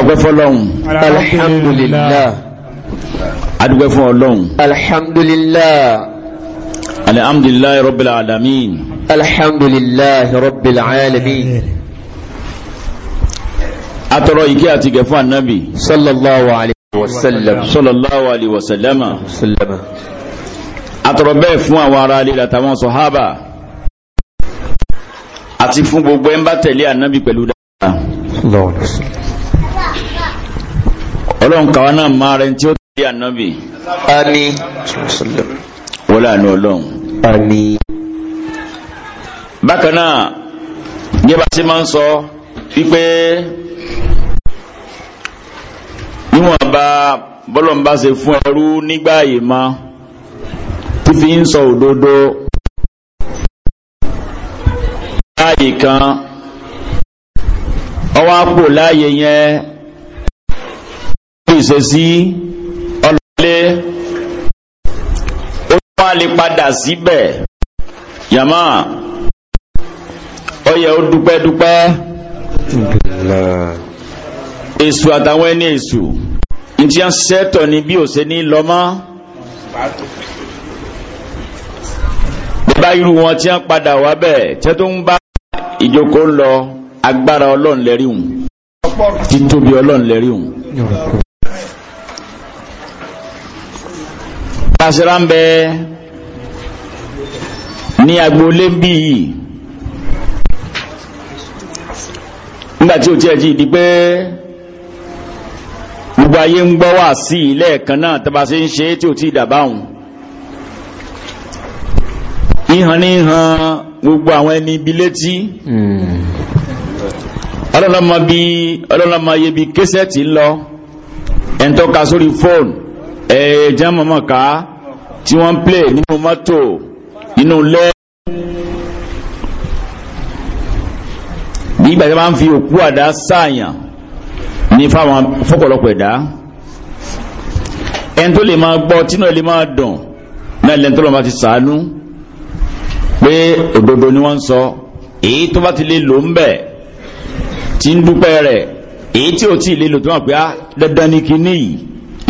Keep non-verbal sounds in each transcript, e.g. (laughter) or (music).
ọgbẹ́ fọ́lọ́hun alhamdulillah adúgbẹ́ fún ọlọ́hun alhamdulillah alhamdulillah rabbil alamin alhamdulillah rabbil alamin atọrọ ìkẹ́ àti gẹ̀ fún annabi sallallahu alaihi wasallam sallallahu alaihi wasallama atọrọ bẹ́ẹ̀ fún àwọn ará alẹ́ àtàwọn sọ̀hábà àti fún gbogbo ẹ̀ ń bá tẹ̀lé annabi pẹ̀lú dáadáa ọlọ́run kàwa náà máa rẹ tí ó tẹ̀lé ànábì. àní. wọ́n lànà ọlọ́run. àní. bákan náà bí a bá ṣe máa ń sọ wípé níwọ̀n bá bọ́lọ̀ ń bá ṣe fún ẹrú nígbà yìí mọ́ fífi ń sọ òdodo láàyè kan ọwọ́ àpò láàyè yẹn ìṣesí ọlọ́lẹ́ ó wá lè padà síbẹ̀ yàmá ó yẹ ó dúpẹ́ dúpẹ́ èṣù àtàwọn ẹni èṣù ntí a sẹ́tọ̀ ni bí òṣè ní lọ́mọ́ bá irú wọn tí a padà wá bẹ́ẹ̀ tẹ́ tó ń bá ìjókòó lọ agbára ọlọ́run lẹ́rìhùn títóbi ọlọ́run lẹ́rìhùn. tasira ń bẹ ní agboolé ń bí yìí nígbà tí o tiẹ̀ jí di pé gbogbo ayé ń gbọ́ wá sí i náà tọ́ba ń ṣe tí o ti dàbá òun ìhàn ní ìhàn gbogbo àwọn ẹni ibi létí hmm. ọlọ́lọ́mọ bíi ọlọ́lọ́mọ iye bíi késẹ́ẹ̀tì ń lọ ẹ̀ ń tọ́ka sórí fóònù ẹ̀ẹ̀jẹ́ mọ̀mọ́ ká tí wọ́n ń plé nínú mọ́tò inú lẹ́ bí ìgbà tí wọ́n fi òkú àdá sáàyàn ní fáwọn fọ́pọ̀lọpọ̀ ẹ̀dá ẹni tó lè máa gbọ́ tínú ẹ̀ lè máa dùn náà lẹ́ni tó lọ́ máa ti sàánú pé òdodo ni wọ́n ń sọ èyí tó bá ti lè lò ń bẹ̀ tí ń dúpẹ́ rẹ̀ èyí tí ò tí ì lè lò tó wà pé á ah, dandan ni kinní yìí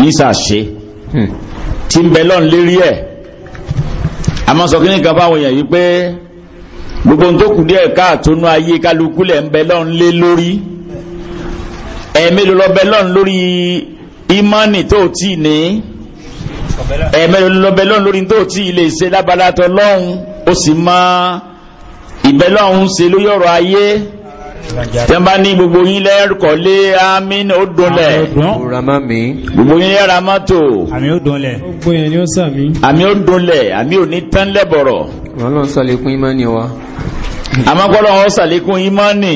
ń ṣàṣe. Hmm. tí ń bẹ lọ́n lérí ẹ̀ àmọ́ sọ kíní kan fáwọn èèyàn yìí pé gbogbo ohun tó kù díẹ̀ káàtónú ayé kálukú lẹ̀ ń bẹ lọ́n lé lórí ẹ̀ẹ́mẹ́lò lọ bẹ lọ́n lórí ìmánì tó tì ní ẹ̀ẹ́mẹ́lò lọ bẹ lọ́n lórí tó tì lè ṣe lábalatọ̀ lọ́hùn ó sì máa ìbẹ́lọ́hùn ṣe lórí ayé tí wọ́n bá ní gbogbo yín lẹ́ẹ̀kọ́ lé amín ó dunlẹ̀ gbogbo yín lẹ́ra mọ́tò àmì ó dunlẹ̀ àmì ó dunlẹ̀ àmì ò ní tán lẹ́bọ̀rọ̀. ọlọ́run sàlékún ìmánì wa. àmọ́ kọ́lọ́ ọ̀hún sàlékún ìmánì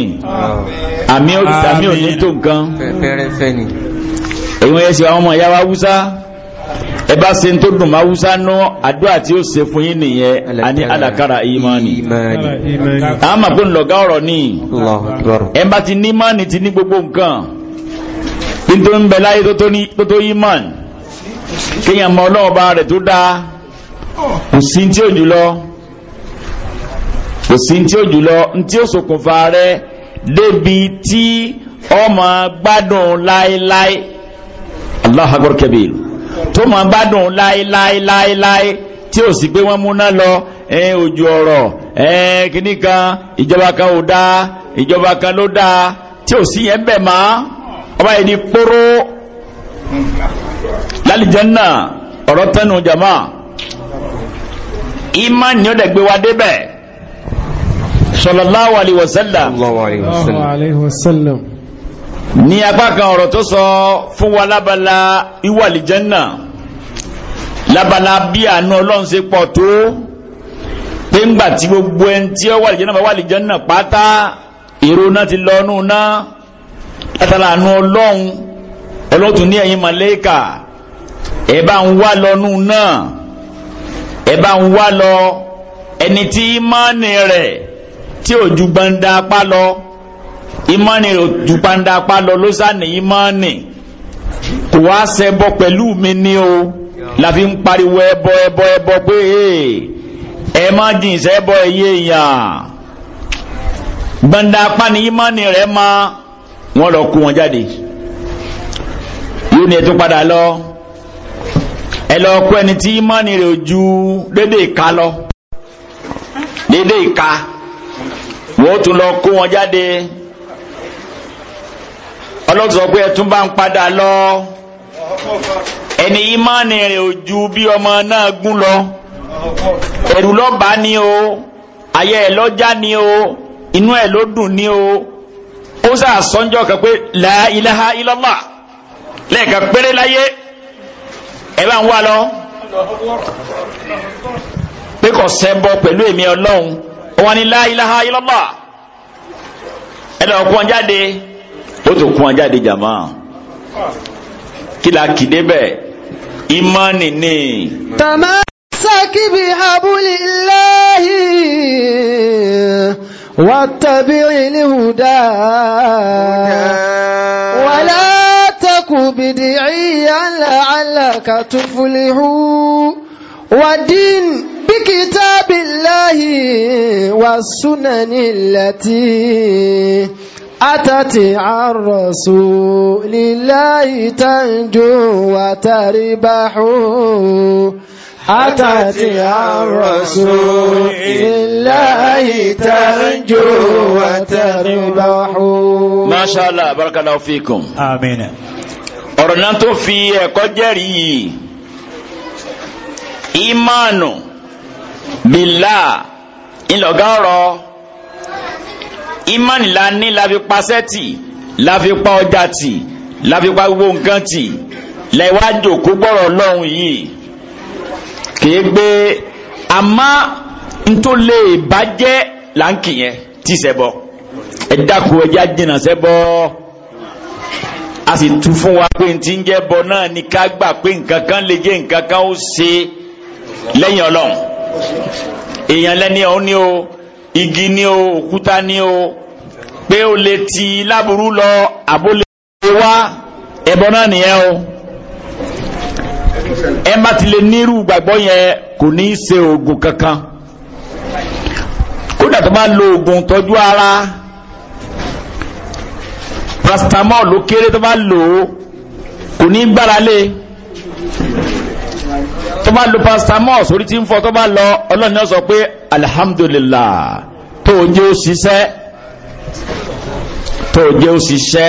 àmì ò ní tó nǹkan. fẹ́rẹ́fẹ́ ni. èyí wọ́n yẹ sí àwọn ọmọ ìyá wa wúsá ẹ bá ṣe tó dùn máa wúsá nú àdúrà tí ó ṣe fún yín nìyẹn àní alákàrà ìmánì àmà kó ń lọ̀gá ọ̀rọ̀ ní ẹ bá ti ní ìmánì ti ní gbogbo nǹkan nítorí ń bẹ láyé tó tó ìmánì kéèyàn mọ ọlọ́ọ̀ba rẹ̀ tó dáa kò sí tí ò jùlọ kò sí tí ò jùlọ tí ó ṣokùnfà rẹ̀ débi tí ọmọ gbádùn láéláé Allahu Akbar Kabir tó mọ̀ bá dùn láéláéláé tí ò sì pé wọ́n múná lọ ojú ọ̀rọ̀ kìíní kan ìjọba kan ò dáa ìjọba kan ló dáa tí ò sí yẹn bẹ̀ máa ọba yìí di kóró lálìjẹ́nà ọ̀rọ̀ tẹnu jama ìmá ni ó dẹ̀ gbé wa débẹ̀ sallallahu alaihi wasallam ní apá kan ọ̀rọ̀ tó sọ fún wa lábala ìwà àlìjẹ́nà lábala bí àánú ọlọ́run ṣe pọ̀ tó pé ńgbà tí gbogbo ẹni tí ó wà lè jẹ́ náà bá wà lè jẹ́ náà pátá èrò náà ti lọ́nù náà látara àánú ọlọ́run ọlọ́tún ní ẹ̀yin màlẹ́kà ẹ bá ń wá lọ́nù náà ẹ bá ń wá lọ ẹni tí ìmánì rẹ̀ tí ò ju gbanda apá lọ ìmánì rẹ̀ ò ju gbanda apá lọ ló sá ní ìmánì kò wá ṣẹbọ pẹ̀lú mi ni o la fi ń pariwo ẹbọ ẹbọ ẹbọ pé ẹ má jìn sẹ́bọ ẹyẹ èèyàn gbọ̀ndà apáni ìmọ̀ni rẹ̀ ma wọ́n lọ kó wọn jáde yóò ní ẹtún padà lọ ẹ lọ kó ẹni tí ìmọ̀ni rẹ̀ ojú dédé ìka lọ dédé ìka wọ́n tún lọ kó wọn jáde ọlọ́tún sọ pé ẹtún bá ń padà lọ. ẹni ìmánì rẹ̀ bi ju bí ọmọ náà gún lọ ẹ̀rù lọ́ba ni o ayé ẹ̀ lọ́jà ni o inú ẹ̀ ló dùn ni o ó sà sọ́njọ́ kan pé la ilaha illallah lẹ́ẹ̀kan péré láyé ẹ bá ń wá lọ pé kò sẹ́bọ pẹ̀lú èmi ọlọ́run wọn ni la ilaha ẹ lọ́ọ́ kún ọ jáde ó tún kún ọ jáde jàmá kí la kìdé bẹ́ẹ̀. imani ni. tamasaki bi habulillahi wattabi'il huda wala taku bid'iyan la'allaka tuflihu wadin bikitabillahi wasunan illati. أتت عن رسول الله تنجو وتربح أتت عن رسول الله تنجو وتربح ما شاء الله بارك الله فيكم آمين ọ̀rọ̀ náà tó fi ẹ̀kọ́ jẹ́rìí yìí ìmánu bìlá ńlọgá ọ̀rọ̀ Imani la ní la fi pa sẹ́tì la fi pa ọjà tì la fi pa gbogbo nǹkan tì lẹ́wájú kó gbọ́rọ̀ ọlọ́run yìí kìí gbé àmọ́ ntòlè bàjẹ́ là yẹn tí sẹ́bọ̀ ẹ dákun ẹjẹ́ àjìnà sẹ́bọ̀ a sì tu fún wa pé ntí ń jẹ́ bọ̀ náà ni ká gbà pé nǹkan kan lè jẹ́ nǹkan kan ó ṣe lẹ́yìn ọlọ́run èèyàn lẹ́ni ọ̀hún ni o igi ni o òkúta ni o pé o lè ti láburú lọ àbólé wá ẹbọ náà nìyẹn o ẹ má ti lè nírú gbàgbọ́ yẹn kò ní í ṣe oògùn kankan kódà tó máa lo oògùn tọ́jú ara paracetamol ló kéré tó bá lò ó kò ní gbára lé má lo paracetamol sórí tí ń fọ́ tó bá lọ ọlọ́run náà pé alhamdulillah tó ń jẹ́ ó ṣiṣẹ́ tó ń jẹ́ ó ṣiṣẹ́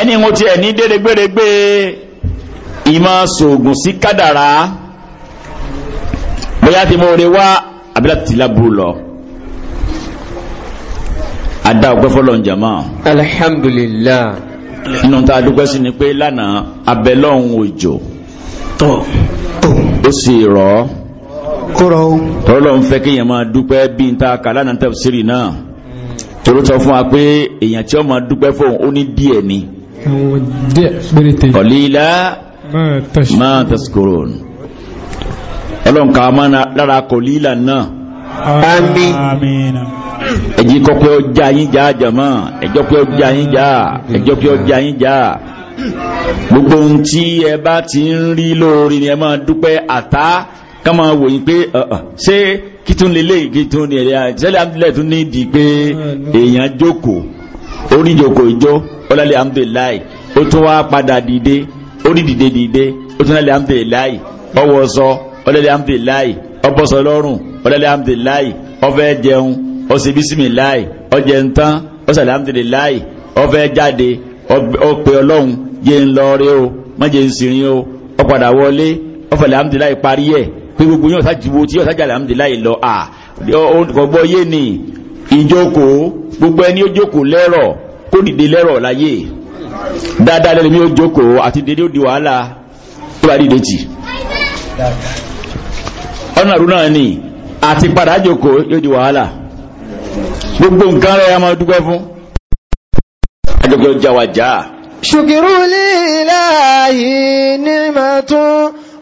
ẹni wọn tiẹ̀ ní dérégbèrègbè ìmọ̀ sògùn sí kádàrá bóyá ti mọ̀ wá abilá tìlá bú lọ adá ọgbẹ́ fọlọ́n jama. alhamdulillah. nínú tá a dúpẹ́ sí ni pé lánàá abẹ́lọ́hún òjò. tọ̀ ó sì rọ̀ ọ́ tọ́lọ́ ń fẹ́ kéèyàn máa dúpẹ́ bí n ta kàlá náà tafsiri náà tòró sọ fún wa pé tí ó máa dúpẹ́ fóun ó ní díẹ̀ ni máa ọlọ́nkà máa lára náà ẹ̀jí kọ́ pé gbogbo ohun tí ẹ bá ti ń rí lóore ni ẹ máa dúpẹ́ àtá ká máa wòyìn pé ṣé kí tún lè léyìí kí tún ní ẹ̀rẹ́ àìsẹ́lẹ̀ amúlẹ̀ tún ní ìdí pé èèyàn jókòó oríjòkó ìjó ọlọ́lẹ̀ amúlẹ̀ ó tún wá padà dìde orídìde dìde ó tún lọ́lẹ̀ amúlẹ̀ ọwọ́ sọ ọlọ́lẹ̀ amúlẹ̀ ọbọ̀sọ lọ́rùn ọlọ́lẹ̀ amúlẹ̀ ọfẹ́ jẹun ọsẹ bisimilayi ọjẹ ntán ọsẹ alhamdulilayi ọfẹ jáde ọpẹ́ Ọlọ́run jẹ́ ń lọ rẹ o má jẹ́ ń sìnrin o ọ̀padà wọlé ọ̀fẹ̀lẹ̀ alhamdulilayi parí ẹ̀ pé gbogbo yóò sá jìbò tí yóò sá jà alhamdulilayi lọ à ọgbọ́ yé ni ìjókòó gbogbo ẹni ó jókòó lẹ́rọ̀ kó dìde lẹ́rọ̀ láyé dáadáa lẹ́nu mi ó jókòó àti dédé ó di wàhálà tó bá dìde tì ọ̀nà àrùnà ni àti padà jókòó yóò di wàhálà gbogbo nǹkan rẹ̀ a máa dúpẹ́ fún àjọkọ̀ ìjà wàjà. شكر لله نعمة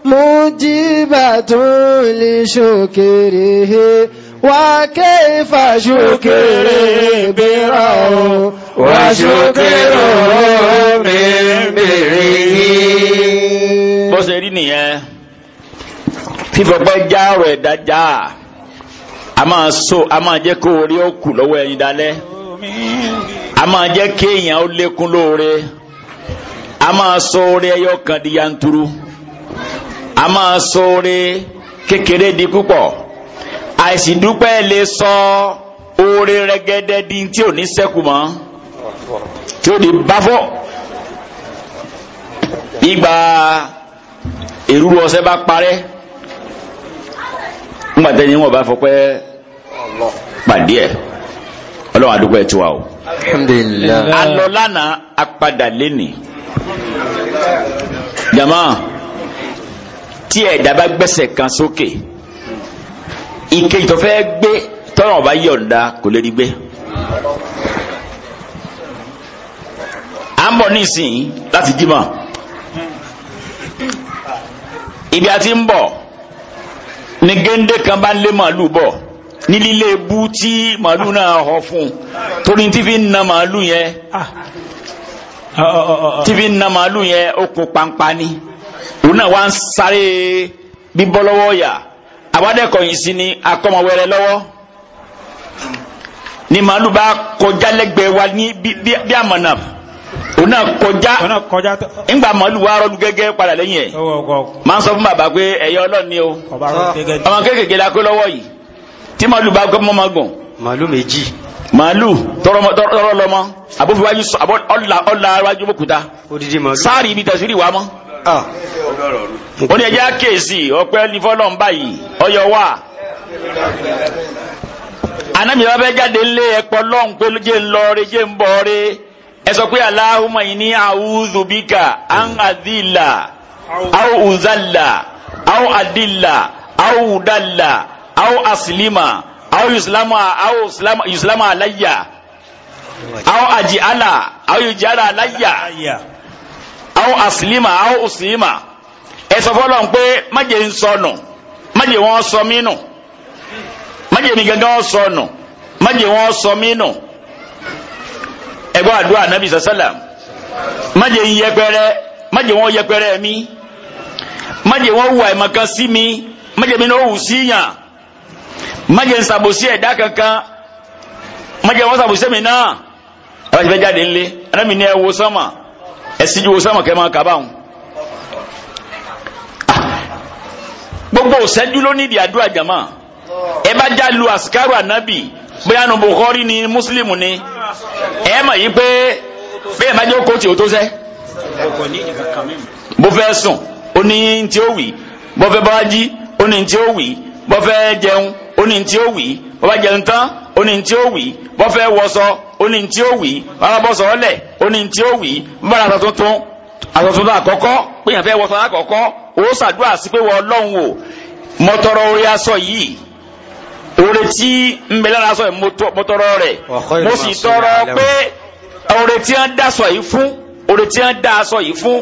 مجيبة لشكره وكيف شكري براه وشكره من بره bó ṣe rí nìyẹn fífọpẹ́ já ọ̀rọ̀ ẹ̀dá já a máa so a máa jẹ́ kó orí ó kù lọ́wọ́ ẹ̀yin dalẹ̀ a máa jẹ́ kéèyàn ó lékún lóore a máa sọ ore ẹyọ kan di yanturu a máa sọ oore kékeré di púpọ̀ àìsí lè sọ ore rẹ́gẹ́dẹ́ di tí ò ní ṣẹ́kù mọ́ tí ó di báfọ́ ìgbà èrúrú ọ̀sẹ̀ bá parẹ́ ńgbàtẹ́ ni wọ́n bá fọ pé pàdé o. alhamdulillah. lana lánàá jama tí ẹ̀dá bá gbẹ́sẹ̀ kan sókè ìkejì tó fẹ́ gbé tọ́lọ́run bá yọ̀ǹda kò lè rí gbé. à ń bọ̀ nísìnyí láti jímọ̀ ibi àti ń bọ̀ ni géńdé kan bá ń lé màálù bọ̀ ní ebú tí màálù náà họ fún torí tí fi ń na màálù yẹn tí fi ń na màálù yẹn okùn pàǹpà ni òun náà wá ń sáré bíbọ́ lọ́wọ́ yà àwádẹ́kọ̀yìn sí ni akọ́mọwẹ́rẹ́ lọ́wọ́ ni màálù bá kọjá lẹ́gbẹ̀ẹ́ wa ní bi àmọ̀nà òun náà kọjá ńgbà màálù wa rọlù gẹ́gẹ́ padà lẹ́yìn ẹ̀ máa ń sọ fún bàbá pé ẹ̀yọ́ o ọmọ kéékèèké la kó lọ́wọ́ yìí tí màálù bá gbọ́ mọ́ máa gùn. màálù méjì. màálù tọrọ lọmọ àbófiwájú ọ̀la iwájú bókúta sáàrì ibi tẹ̀sírí wa mọ́. ó ní ẹjẹ́ àkèésì ọ̀pẹ́ nífọ́lọ́n báyìí ọyọ wà. anábìyẹ bá fẹ́ jáde lé ẹ̀pọ̀ lọ́hùn pé jẹ́ ń jẹ́ ń ẹ sọ pé aláhùnmọ̀ yìí ní au islamu au islamu alayya ala. ajala au yujara alayya au aslima au uslima e so fọlọ n pe maje n sọnu maje wọn sọ minu maje mi gangan sọnu maje wọn sọ minu ẹgbọn adu anabi sasalam maje n yẹpẹrẹ maje wọn yẹpẹrẹ mi maje wọn wu maka si mi maje mi náà wù síyàn. má jẹ́ nsàbòsí da kankan má jẹ́ wọn sàbòsí mi náà ẹ̀rọ ìfẹ́ jáde ńlẹ̀ ẹ̀rọmi ní ẹ̀wò sọ́mà ẹ̀sìn ju wo sọ́mà kẹ́ máa kábàáhùn. gbogbo òsẹ́jú ló nídìí àdúrà jàmá ẹ bá já lu àsìkárò ànábì bóyá nu Bukhari ni Muslim ni ẹ mọ̀ yí pé bẹ́ẹ̀ má jẹ́ kó tí o tó sẹ́. bó fẹ́ sùn ó ní tí ó wì bó fẹ́ bá jí ó ní tí ó wì bó fẹ́ jẹun ó ní tí ó wì bó bá jẹun tán ó ní tí ó wì bó fẹ́ wọṣọ ó ní tí ó wì bàbábọsọ ọlẹ ó ní tí ó wì bàbá aṣọ tuntun aṣọ tuntun àkọ́kọ́ pé yàn fẹ́ wọṣọ àkọ́kọ́ ó ṣàdúrà sí pé wọ Ọlọ́run o mọtọrọ orí aṣọ yìí oore tí ń bẹ lára aṣọ yìí mọtọrọ rẹ mo sì tọrọ pé oore tí wọn dá yìí fún oore tí wọn dá yìí fún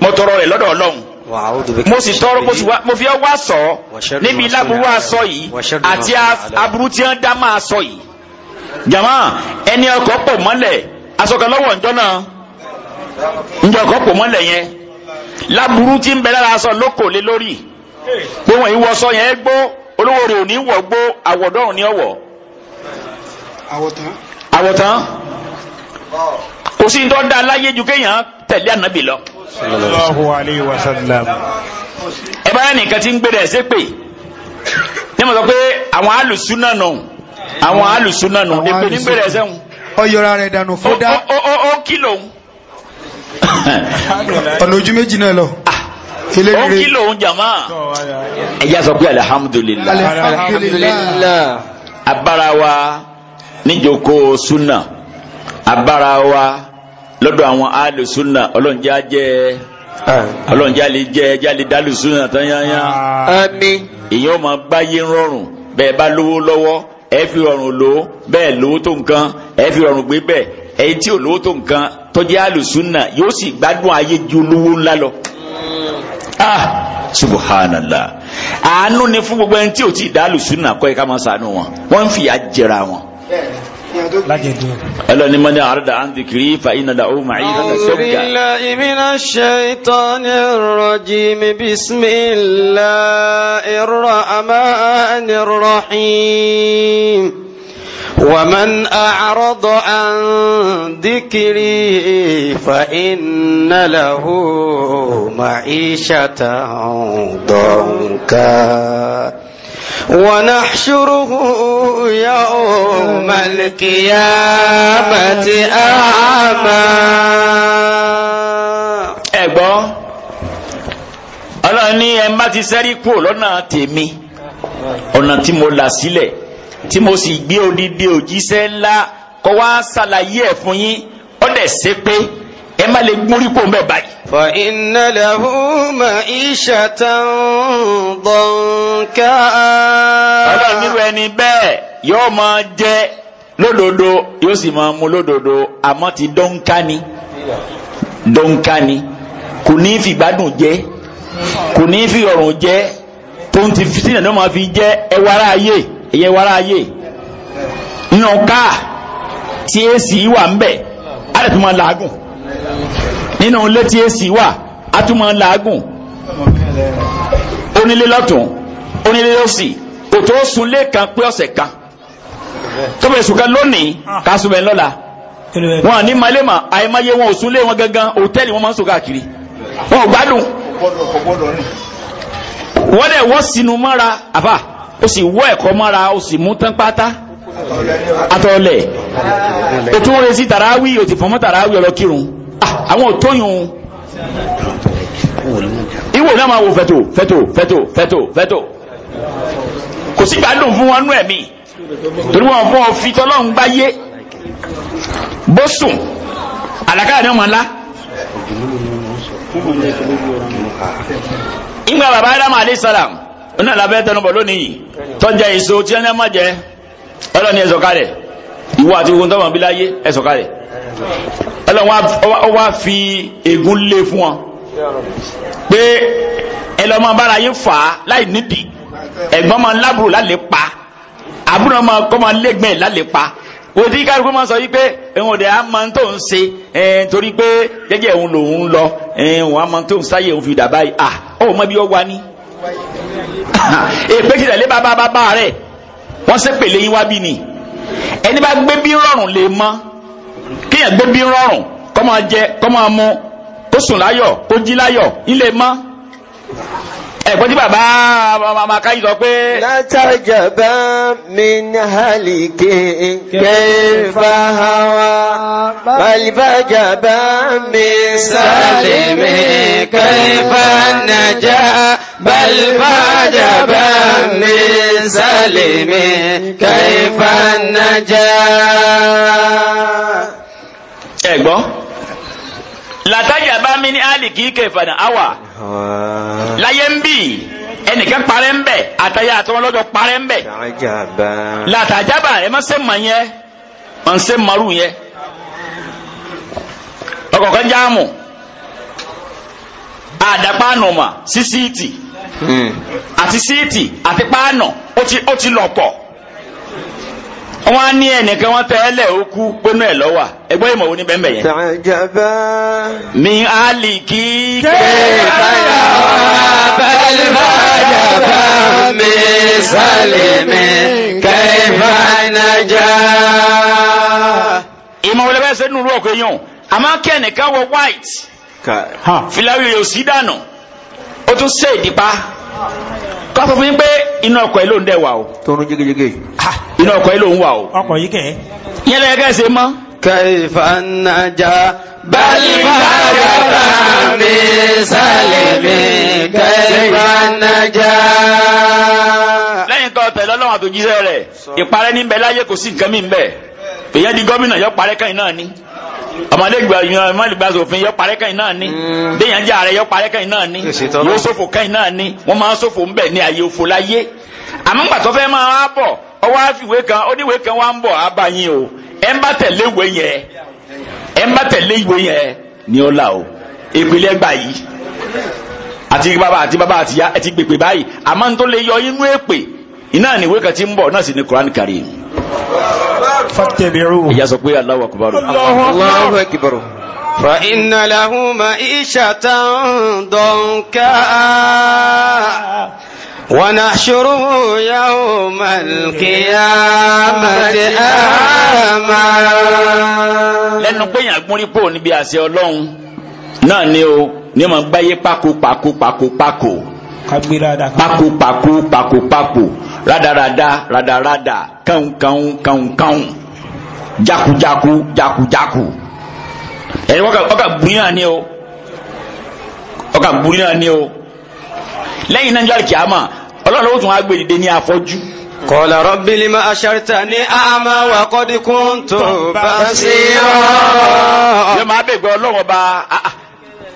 mọtọrọ rẹ lọ́dọ̀ Ọlọ́run mo sì tọrọ mo fi ọ wá sọ níbi láburú àsọ yìí àti aburú tí wọn dá máa sọ yìí jàmá ẹni ọkọ pò mọ́lẹ̀ asọkan lọ́wọ́ njọ náà njọ ọkọ pò mọ́lẹ̀ yẹn láburú tí ń bẹ lára aṣọ lóko lé lórí pé wọn ìwọ sọ yẹn gbó olówó rẹ̀ ní wọ gbó àwọdọrùn ní ọwọ. àwọtán. kò sí ní tó dáa láyé ju kéèyàn tẹ̀lé ànábì lọ. sallallahu alayhi wa sallam. ẹ bá yẹn nìkan tí ń gbé rẹ̀ ṣe pé ní mo sọ pé àwọn alùsùnà nù àwọn alùsùnà nù èpè ní gbé (laughs) ọ̀nà ojú méjì náà lọ ah, ó kí lòun abarawa lọ́dọ̀ àwọn alùsùnà ọlọ́njẹ́ ajẹ́ ọlọ́njẹ́ alẹ́ jẹ́ jáde dálùsùnà tán yányá. àmín. èèyàn máa gbáyé rọrùn bẹ́ẹ̀ bá lówó lọ́wọ́ ẹ fi rọrùn lò ó bẹ́ẹ̀ lówó tó nǹkan ẹ fi rọrùn gbé bẹ́ẹ̀ ẹ̀yin tí ò lówó tó nǹkan tọ́jú alùsùnà yóò sì gbádùn ayé ju olówó ńlá lọ. ah subhanallah àánú ni fún gbogbo ẹni tí ò tí ì dálùsùnà kọ́ ẹ ká máa ṣàánú wọn wọ́n ń fìyà jẹra wọn. ألا لمن أعرض عن ذكري فإن له معيرة سكا أعوذ بالله من الشيطان الرجيم بسم الله الرحمن الرحيم ومن أعرض عن ذكري فإن له معيشة ضنكا ونحشره يوم القيامة أعمى ẹ̀gbọ́n ọlọ́run ní ẹ má ti sẹ́rí kúrò lọ́nà tèmi ọ̀nà tí mo là sílẹ̀ tí mo sì gbé odidi òjíṣẹ́ ńlá kọ́ wá ṣàlàyé ẹ̀ fún yín ó dẹ̀ ṣe pé ẹ má lè gún rípò mẹ́ báyìí. fa inna lahu ma'ishatan danka. ọlọ́run nírú ẹni bẹ́ẹ̀ yóò máa jẹ lódodo yóò sì máa mu lódodo àmọ́ ti dọ́nká ni dọ́nká ni kò ní fi jẹ kò ní fi ọ̀rùn jẹ tó ń ti fi sínú ẹ̀dọ́ máa fi jẹ ẹwàrá ayé ẹ̀yẹ wàrá ayé yàn ká tí èsì wà ń bẹ̀ á lè fi máa làágùn nínú ilé tí èsì wà atúmọ̀ làágùn onílé lọ́tún onílé lọ́sì kò tó sunlé kan pé ọ̀sẹ̀ kan tó bẹ̀rẹ̀ sùn kan lónìí ká sùn bẹ̀ lọ́la wọn àní malé mà àìmáyé wọn ò sunlé wọn gangan òtẹ́ẹ̀lì wọn máa ń sùn káàkiri wọn ò gbádùn wọ́n dẹ̀ wọ́n sinú mọ́ra àbá ó sì wọ́ ẹ̀kọ́ mọ́ra ó sì mú tán pátá àtọ̀ọ̀lẹ̀ ètò wọn lè sí tàràwí òtì fọmọ́ tàràwí ọlọ́kírun. Ah, àwọn ò tóyún ìwò náà máa wo fẹ́tò fẹ́tò fẹ́tò fẹ́tò fẹ́tò kò sí gbádùn fún wọn nú ẹ̀mí torí wọn fún ọ fi tọ́lọ́run gbá yé bó sùn àlàkàrà náà máa lá ìgbà bàbá Ádámù aleyhisalaam ọ̀nà làbẹ́ tẹnubọ̀ lónìí tọ́jà èso tí ẹni ẹ má jẹ ọlọ́ni ẹ sọ̀kalẹ̀ ìwọ àti ogun tọ́mọ̀ bí láyé ẹ sọ̀kalẹ̀ ọlọ́run wá fi ègún lé fún wọn pé ẹlọmọ bára yín fà á láì nídìí ẹ̀gbọ́n máa ń lábùrò lálẹ́ pa àbúrò máa kọ́ máa lẹ́gbẹ̀ẹ́ lálẹ́ pa òtí kárùkù máa sọ yí pé ẹ̀hún ọ̀dẹ̀ á máa tó ń ṣe ẹ̀ẹ́n torí pé jẹ́jẹ́ òun lòun ń lọ ẹ̀ẹ́n òun á máa tó ń sáyé òun fi dà báyìí à ọ̀hún mọ́ bí ó wá ní. (laughs) èpè ti tẹ̀lé bàbá bàbá rẹ̀ wọ́n ṣe pèlè yín wá bí ni ẹni bá gbé bí rọrùn lè mọ́ kéèyàn gbé bí rọrùn kó máa jẹ kó máa mu kó sùn láyọ̀ kó jí láyọ̀ ilé mọ́ ẹ̀kọ́ tí bàbá ọmọ káyí sọ pé. látàjàbá min hàlìkì kẹfà hawa balibàjàbá min sálẹ̀mì kẹfà nàjà balibàjàbá min sálẹ̀mì kẹfà nàjà. ẹ̀gbọ́ làtàjà bá mi ní àlì kì í kè fàdà áwà ah. láyé ń bì ẹnìkan parẹ́ ń bẹ̀ àtàyà àtọwọn lọ́jọ́ parẹ́ ń bẹ̀ làtàjà bá ẹ má ṣe ṣe ọkọ̀ jáàmù sí síìtì hmm. àti síìtì àti páànù ó ti lọ̀pọ̀. wọ́n á ní ẹnìkan wọ́n tẹ ẹlẹ́ òkú gbóná ẹ̀ lọ́wà ẹgbẹ́ ìmọ̀ wo ní bẹ́ẹ̀ yẹn. tàjàbá. mi á lì kí. kéèkáyà bẹ́ẹ̀lì bàjàbá mi sálẹ̀ mi kẹfà nàjà. ìmọ̀ wọlé bẹ́ẹ̀ sẹ́nu rú ọ̀kọ́ yẹn o àmọ́ kí ẹnìkan wọ white filawi yóò sí dànù ó tún ṣe ìdìpa kọ́ fún mi pé inú ọkọ̀ ilé òun dẹ̀ wà o. tóun jégejége. inú ọkọ̀ ilé wà o. ọkọ̀ yìí kẹ́. yẹn lẹ́yìn kẹ́sì mọ́. kẹfà nàjà bali bàjàrà mi sálẹ̀mí kẹfà nàjà. lẹ́yìn kan tẹ̀lé ọlọ́run àtòjíṣẹ́ rẹ̀ ìparẹ́ níbẹ̀ láyé kò sí nǹkan mí bẹ́ẹ̀ èyí di gómìnà yọ parẹ́ kẹ́yìn náà ni ọmọdégbà yan ọmọdégbà sòfin yọ parẹ́ kẹ́yìn náà ni déyàn jà rẹ yọ parẹ́ kẹ́yìn náà ni yóò ṣòfò kẹ́yìn náà ni wọ́n máa ṣòfò ń bẹ̀ ní àyè òfò láyé àmọ́ máa wá bọ̀ ọwọ́ àfiwé kan oníwé kan wá ń bọ̀ abayin o ẹ̀ ìwé yẹn ẹ̀ ìwé yẹn ni ó là o ìpìlẹ̀ gbà yìí àti bàbá àti bàbá àti ya ẹ ti gbèpè báyìí àmọ́ nítorí yọ inú èpè iná ìwé kan ti ń bọ̀ náà sì ni Quran Karim fàtẹ̀bẹ̀rù. ìyá sọ pé Allahu akbar. Allahu akbar. فإن له معيشة ضنكا ونحشره يوم القيامة أعمى lẹ́nu gbẹ̀yìn agbórípò níbi àṣẹ ọlọ́run náà ni o ní ma gbáyé pákó pákó pákó pákó pákó pákó pákó pákó pákó radarada radarada kànkàn kànkàn jakujaku jakujaku ẹni ọkà buri náà ni o ọkà buri náà ni o lẹ́yìn náà jọ́lẹ̀ kìámà ọlọ́run ó tún á gbé dìde ní afọ́jú. قال رب لما أشرتني أعمى وقد كنت بصيرا. yóò máa bẹ̀ gbọ́ ọlọ́run ọba ah, ah.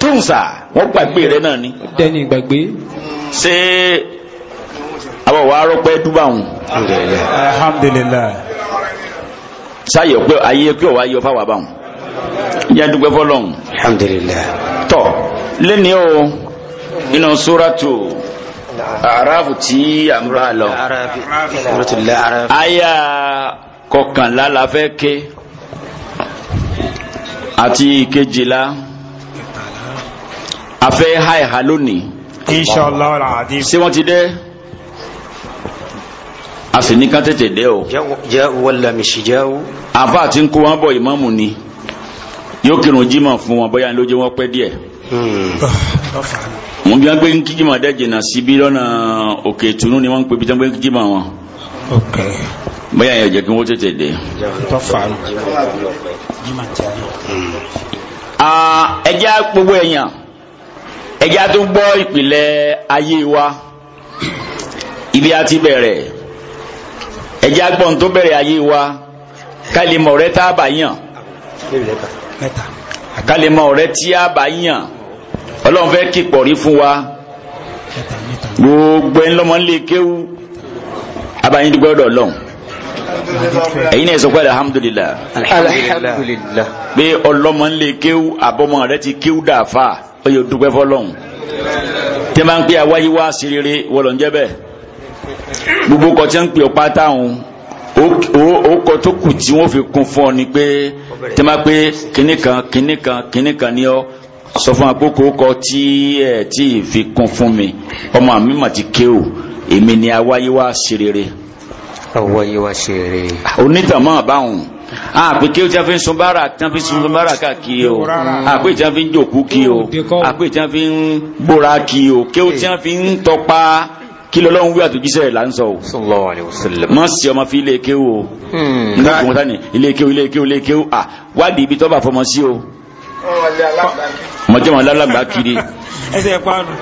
túnsà wọ́n gbàgbé rẹ̀ náà ni. dẹ́ni gbàgbé. ṣé àwọn wàá rọpẹ́ dúbà wọn. alhamdulilayi. sáyẹ pé ayé pé o ayé ọfà wà bá wọn. ìyá dúpẹ́ fọlọ́hún. alhamdulilayi. tọ́ lẹ́ni o nínú sóràtò àràfù tí a múra lọ. àyà kọkànlá la fẹ́ ké àti kejìlá. a ha ẹ̀ha lónìí. inshallah wọ́n ti dé. a sì ní kán tètè dé o. jẹ́ wàllu misi jẹ́ o. wọn bọ̀ ni yóò kírun jimá fún wọn bóyá lójú wọn pẹ́ díẹ̀. Hmm. bí gbé ń dẹ́ jìnnà lọ́nà òkè ni wọ́n ń pè bí wọ́n gbé ń kí ẹja tó gbọ́ ìpìlẹ̀ ayé wa ibi a ti bẹ̀rẹ̀ ẹja gbọ́n tó bẹ̀rẹ̀ ayé wa kálímọ̀ rẹ tá a bá yàn kálímọ̀ rẹ tí a bá yàn ọlọ́run fẹ́ kí pọ̀rí fún wa gbogbo ẹ̀ lọ́mọ nílé kéwú abayin dúpẹ́ ọ̀dọ̀ ọlọ́run èyí ni ẹ sọ pé alhamdulilah alhamdulilah pé ọlọ́mọ nílé àbọ̀mọ rẹ ti kéwú dàáfà ó yẹ dúpẹ́ fọlọ́hún tí máa ń pè àwáyé wá sí rere wọlọ̀ ń jẹ́ bẹ́ẹ̀ gbogbo kọ́ tí ń pè ọ́ pátá òun ó kọ́ tó kù tí wọ́n fi kún fún ọ ni pé tí máa pé kinní kan kinní kan kinní kan ni ọ́ sọ fún akókò kọ tí ẹ tí fi kún fún mi ọmọ mi mà ti ké o èmi ni àwáyé wá sí rere. àwáyé wá sí rere. onítàn máa àpèké ah, tí a fi ń sun bára tí a fi ń sun bára ká kí o àpè ah, tí a fi ń jòkú kí o àpè ah, tí a fi ń bóra kí o kí o tí a fi ń tọpa kí lọ́lọ́run wí àtòjíṣẹ́ rẹ̀ là o. sallallahu alaihi wasallam. má ọmọ fi ilé ike o. Hmm. nígbà kò tá ni ilé ike o ilé ike o ilé ike o à wádìí ibi tó bá fọmọ sí o. mọ̀jọ́ mọ̀ lálàgbà kiri. ẹsẹ̀ pàánù.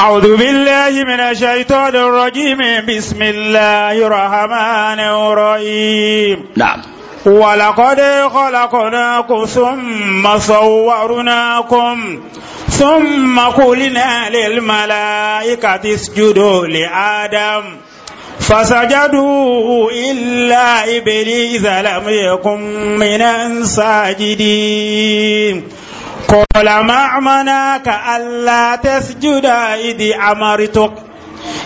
أعوذ بالله من الشيطان الرجيم بسم الله الرحمن الرحيم نعم ولقد خلقناكم ثم صورناكم ثم قلنا للملائكة اسجدوا لآدم فسجدوا إلا إبليس لم يكن من الساجدين قال ما منعك ألا تسجد إذ أمرتك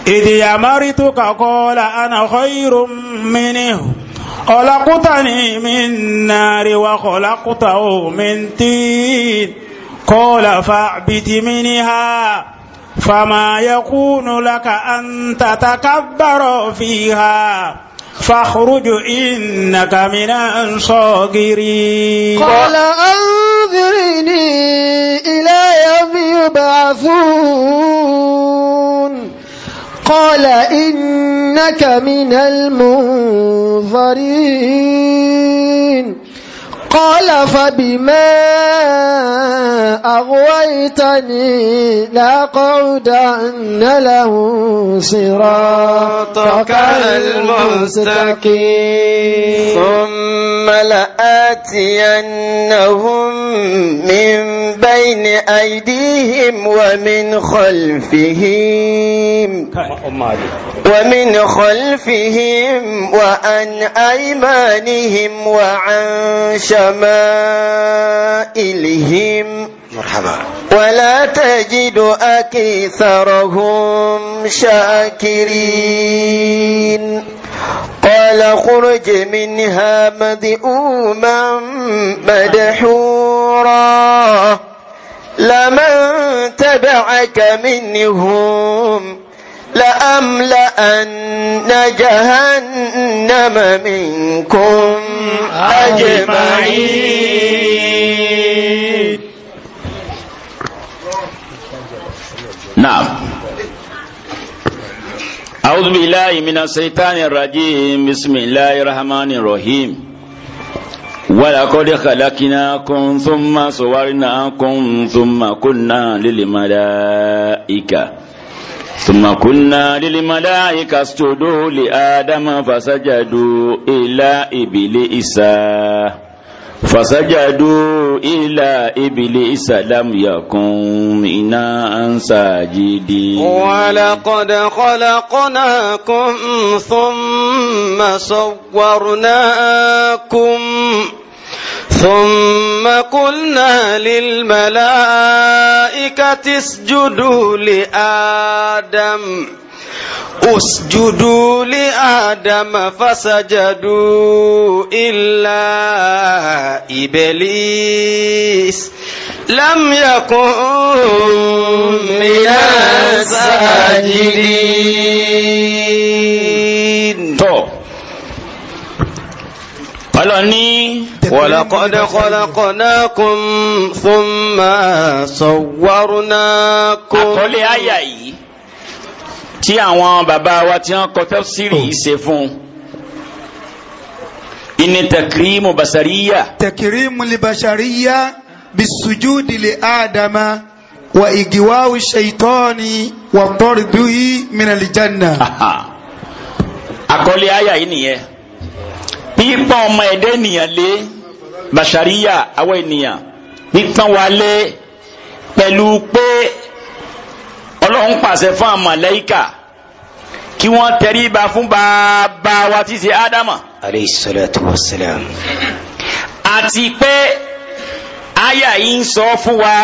إذ أمرتك قال أنا خير منه خلقتني من نار وخلقته من طين قال فاعبت منها فما يكون لك أن تتكبر فيها فاخرج إنك من الصاغرين قال أنذرني إلى يوم يبعثون قال إنك من المنظرين قال فبما أغويتني لأقعدن لهم صراطك المستقيم ثم لآتينهم من بين أيديهم ومن خلفهم ومن خلفهم وعن أيمانهم وعن شمالهم شمائلهم مرحبا ولا تجد أكثرهم شاكرين قال خرج منها مذئوما مدحورا لمن تبعك منهم لأملأن جهنم منكم أجمعين نعم أعوذ بالله من الشيطان الرجيم بسم الله الرحمن الرحيم ولقد خلقناكم ثم صورناكم ثم كنا للملائكة ثم كنا للملائكة اسجدوا لآدم فسجدوا إلا إبليس فسجدوا إلى إبليس لم يكن إنا ساجدين ولقد خلقناكم ثم صورناكم ثم قلنا للملائكة اسجدوا لآدم اسجدوا لآدم فسجدوا إلا إبليس لم يكن من الساجدين. ولقد خلقناكم ثم صورناكم àkọlé àyà yìí tí àwọn bàbá wa tí wọ́n kọ tafsiri ṣe fún ìní takirimu basariya. takirimu libasariya bisujudi li adama wa igiwawu shaitoni wa tọriduhi minalijanna. àkọlé àyà yìí nìyẹn pípọ̀ ọmọ ẹ̀dẹ́ nìyẹn lé bàṣàríyà àwọn ènìyàn pípọ́n wálé pẹ̀lú pé ọlọ́run pàṣẹ fún àmàlẹ́yíkà kí wọ́n tẹríba fún bàbá wa tí ṣe ádámà. aleyhi salatu wa salam. àti pé aya yìí ń sọ fún wa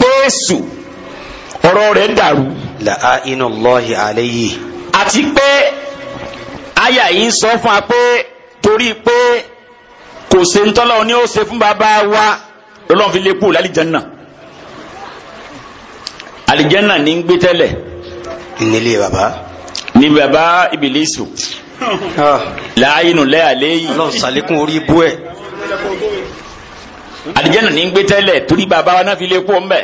pẹ́ẹ́sù ọ̀rọ̀ rẹ̀ dàrú. la'a inullahi alayhi. àti pé aya yìí ń sọ fún wa pé torí pé kò ṣe ń tọ́lọ́ ni ó ṣe fún bàbá wa lọ́lọ́run fi lé kúrò lálìjánná àlìjánná ní ń gbé tẹ́lẹ̀. ìnílé bàbá. ní bàbá ìbílísù ah. láàyè nù lẹ́yàlẹ́ yìí. ọlọ́run sàlékún orí ibú ẹ̀. àlìjánná ní ń gbé tẹ́lẹ̀ torí bàbá wa náà fi lé kúrò mbẹ́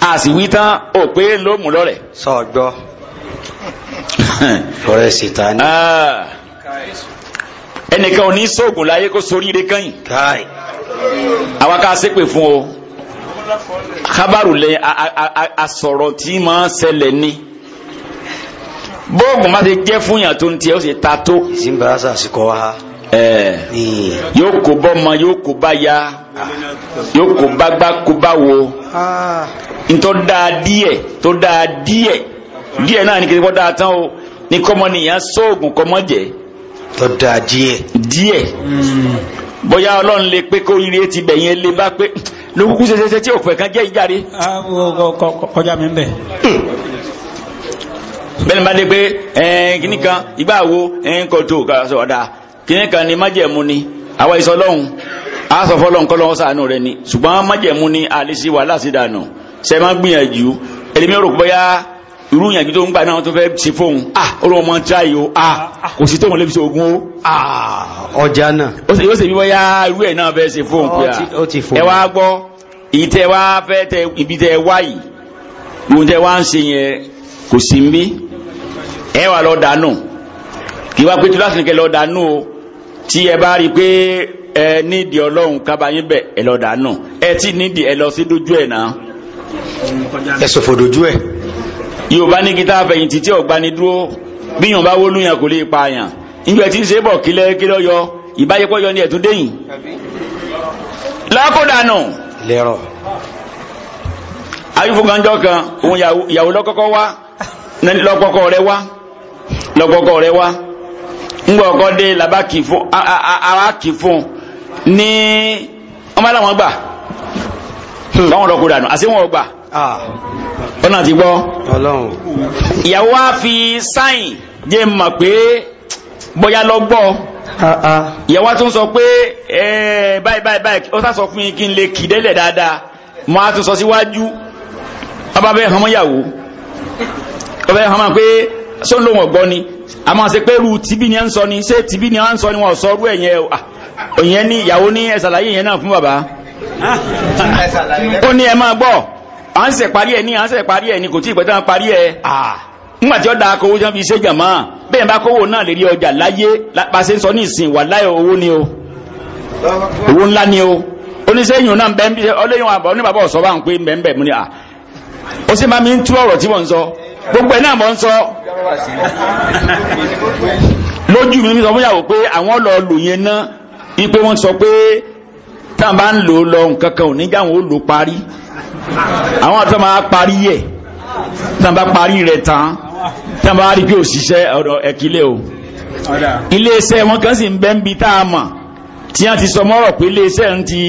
a tán ò pé ló lọ́rẹ̀. sọ gbọ́. (laughs) ọ̀rẹ́ sìtánì. Ah ẹnìkan ò ní sóògùn láyé kó soríire kẹ́yìn àwa ká ṣépè fún o kábàrù lẹ asọ̀rọ̀ tí máa ṣẹlẹ̀ ni bóògùn má ti jẹ́ fún yàn tó ń tiẹ̀ ó sì ta tó. ìsìnbarasa sì kọ́ wa. ẹẹ yóò kó bọ́ ma yóò kó bá ya ah. yóò kó bá gbá kó bá wo ah. ntọ́ dáa díẹ̀ tó dáa díẹ̀ díẹ̀ náà ni kí n kọ́ dáa tán o ní kọ́mọ nìyẹn sóògùn kọ́mọ jẹ́ tó dáa díẹ̀. díẹ̀ bóyá ọlọ́run lè pé kó ire ti bẹ̀ yẹn lè bá pé lókùkù ṣẹṣẹṣẹ tí òpè kan jẹ́ ìjáde. Ah, kọjá mi ń bẹ̀ hmm. bẹ́ẹ̀ni bá dé pé ẹ̀ẹ́n kìíní kan ìgbà wo kò tó ká sọ ọ̀dà kìíní kan ni májẹ̀mú ni àwa ìsọ lọ́hùn á sọ fọlọ́hùn kọ́ lọ́wọ́ sàánú rẹ ni ṣùgbọ́n májẹ̀mú ni àlè sí wàhálà sí dànù ṣe máa gbìyànjú ẹ̀lẹ́mí rò bóyá irú ìyànjú tó ń gbà náà tó fẹ́ ṣe fóun olóhùn ọmọ tí a yìí o kò sí tóun lébi ṣe ogun o. ọjà náà. ó sì yóò ṣe bí wọ́n yá irú ẹ̀ náà fẹ́ ṣe fóun pé a ẹ wá gbọ́ èyí tẹ wá fẹ́ tẹ ibi tẹ wá yìí ohun tẹ wá ń ṣe yẹn kò sí mí ẹ wà lọ dànù kí wá pé tí lásìkò kẹ lọ dànù o tí ẹ bá rí i pé ẹ nídìí ọlọ́run kábàáyín bẹ̀ ẹ lọ dànù ẹ tí nídìí ẹ lọ sí dojú ẹ̀ náà. ẹ sọ̀fọ̀ dojú ẹ̀ yorùbá ní kí tá a fẹ̀yìntì tí ọ̀gbá ni dúró bí yàn bá wólú yàn kò lè pa yàn ìgbà tí ń ṣe bọ̀ kílẹ̀ kílẹ̀ yọ ìbáyẹpọ̀ yọ ní ẹ̀tún déyìn lákòdànù lẹ́rọ̀ ayúfúnganjọ́ kan òun yàwó lọ́kọ́kọ́ wá lọ́kọ́kọ́ rẹ wá lọ́kọ́kọ́ rẹ wá ńgbọ́ ọkọ́ dé làbá kì fún ara kì fún ní ọmọ gbà hmm. báwọn lọ́kọ̀dànù àti wọn gbà ọ̀nà ah. àti gbọ́ ìyàwó wa fi sáyìn jẹ́ mọ̀ pé bóyá lọ gbọ́ ah, ah. ìyàwó wa tún sọ pé báyìí báyìí báyìí ó sá sọ fún yín kí n lè kì délẹ̀ dáadáa mo á tún sọ síwájú ọba bẹ́ẹ̀ hàn mọ́ ìyàwó ọba bẹ́ẹ̀ hàn mọ́ pé ṣé ń lò wọ́n gbọ́ ni àmọ́ ṣe pé ru tìbí ni ẹ ń sọ ni ṣé tìbí ni ẹ ń sọ ni wọ́n sọ ru ẹ̀yẹ òyìn ẹni ìyàwó ní ẹ̀sàlàyé yẹn náà fún bàbá ó ní ẹ máa gbọ́ à ń sẹ̀ parí ẹ̀ ní à ń sẹ̀ parí ẹ̀ ní kò tí ì tí wọ́n parí ẹ̀ à nígbà da akówó tí fi ṣe jàmọ́ bẹ́ẹ̀ bá kówó náà lè rí ọjà láyé pàṣẹ sọ ní ìsìn wà láyé owó ni o owó ńlá ni o oníṣẹ́yìn náà bẹ́ẹ̀ bí ọlẹ́yìn àbọ̀ oníbàbọ̀ sọ bá ń pè bẹ́ẹ̀ bẹ́ẹ̀ mú ni à ó sì máa mi ń tú ọ̀rọ̀ tí wọ́n ń sọ gbogbo ẹ̀ náà mọ̀ ń sọ lójú mi ní sọ fún yàwó pé àwọn lọ lò yẹn náà ipò wọn sọ pé táwọn bá ń lò lọ nǹkan kan ò ní àwọn àti wọn máa parí yẹ tí wọn bá parí rẹ tán tí wọn bá rí pé òṣìṣẹ́ ọ̀dọ̀ ẹ̀kílẹ̀ o iléeṣẹ́ wọn kan sì ń bẹ́ ń bi tá a mọ̀ tí wọn ti sọ mọ́rọ̀ pé iléeṣẹ́ ń ti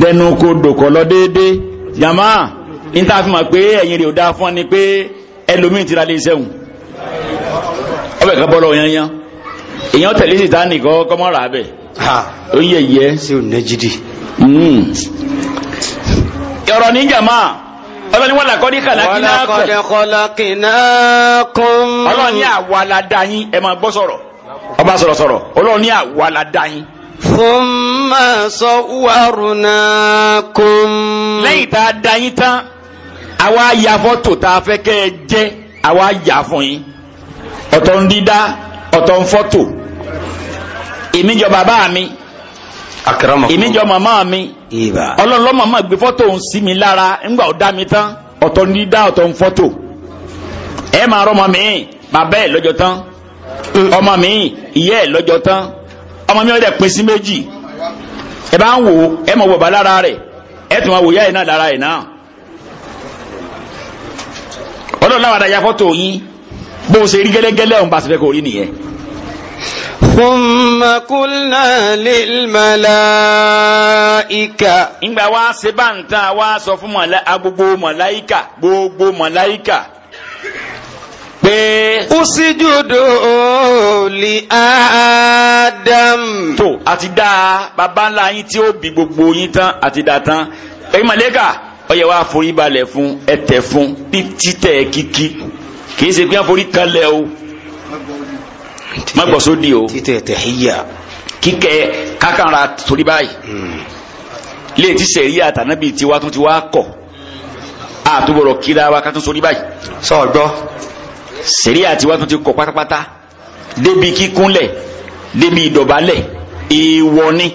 dẹnu ko dòkọ̀ lọ déédéé yàmá a fi mọ̀ pé ẹ̀yìn rẹ̀ ò dáa fún ọ ni pé ẹlòmíì ti ra iléeṣẹ́ òun ọbẹ̀ kan bọ́lọ̀ yanyan èèyàn tẹ̀lé sí tánì kọ́ kọ́mọ́ rà bẹ̀ ó yẹ yẹ sí ọ̀rọ̀ ní jàmá ọlọ́ni wọ́n làkọ́ ní kàlákínákùn ọlọ́ni àwàládá yín ẹ máa gbọ́ sọ̀rọ̀ ọba sọ̀rọ̀ sọ̀rọ̀ ọlọ́ni fúnmá sọ wàrúnákùn. lẹ́yìn tá a dá yín tán àwa ya fọ́tò tá a fẹ́ kẹ́ ẹ jẹ́ àwa ya fún yín ọ̀tọ̀ ń dídá ọ̀tọ̀ ń fọ́tò èmi jọ bàbá mi èmi jọ màmá mi. ọlọ́run lọ́mọ máa gbé fọ́tò ń sí mi lára ńgbà ó dá mi tán ọ̀tọ̀ ẹ máa rọ́mọ mi bàbá ma lọ́jọ́ tán ọmọ mi ìyá ẹ̀ lọ́jọ́ tán ọmọ mi pín sí méjì ẹ bá ń wò ó ẹ mọ̀ bàbá lára rẹ̀ ẹ tún máa wò ìyá náà lára náà ọlọ́run fọ́tò yín bó o ṣe ثم قلنا للملائكة ìgbà wa ṣe bá ń tán wa sọ fún mọ̀lá agbogbo mọ̀láìkà gbogbo mọ̀láìkà pé. usijudu li adam. tó àti dá bàbá ńlá yín tí ó bí gbogbo yín tán àti dá tán ẹ̀yin mọ̀lẹ́kà ó yẹ forí balẹ̀ fún ẹ̀tẹ̀ fún títẹ̀ kíkí kì í ṣe pé wọ́n forí kalẹ̀ o má gbọ́ sódì o títẹ̀ tẹ̀híyà kíkẹ́ kákànra torí báyìí hmm. lè ti sẹ̀rí àtànábì tiwa tún ti wá kọ̀ àtúbọ̀rọ̀ kíra wa ká tún sórí báyìí. sọ gbọ́. sẹ̀rí àtiwa tún ti kọ̀ pátápátá débi kíkúnlẹ̀ débi ìdọ̀bálẹ̀ èèwọ̀ ni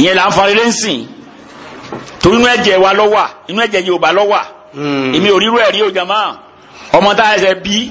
ìyẹn là ń fa rere ń sìn torí inú ẹ̀jẹ̀ wa ló inú ẹ̀jẹ̀ Yorùbá ló hmm. èmi ò rírú ẹ̀rí o jàmá ọmọ tá a bí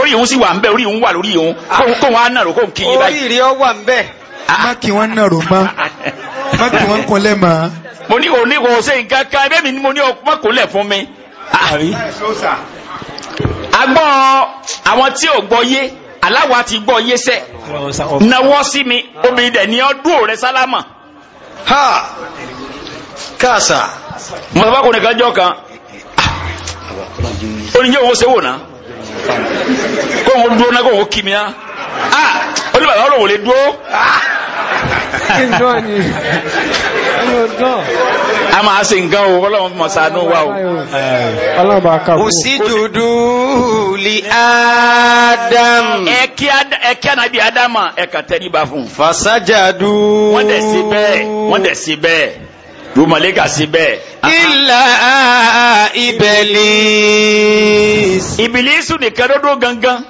orí ìhun sì wà ń bẹ orí ìhun wà lórí ìhun kó wọn á nàró kó n kí yín báyìí. orí ìrì ọ wà ń bẹ. Ah. má kí wọn nàró mọ má kí wọn kúnlẹ̀ mọ. mo ní òní kò ṣe nǹkan kan ẹbí mi ni mo ní ọmọ kò fún mi. agbọ́n àwọn tí ò gbọ́ yé aláwa ti gbọ́ yé sẹ́ nawọ́ sí mi obìnrin dẹ̀ ni ọdún òrẹ́ sálámà. ha káàsà. mọ̀tàbákùnrin kan jọ kan oníjẹ́ ah. òun ṣe wò náà kó wọn dúró náà kó wọn kì mí á ah olùbàdàn ọlọ́run ò dúró a máa ṣe nǹkan o ọlọ́run fi mọ̀ wa o. òsìdùdù li Adam. ẹ̀kí ànábì ádámà ẹ̀ka tẹ́ríba fún. fàṣájàdù. wọ́n dẹ̀ sí bẹ́ẹ̀ wọ́n dẹ̀ sí bẹ́ẹ̀ rumaleka síbẹ̀. ilà ibilis. ibilisu nìkan ló dúró gangan.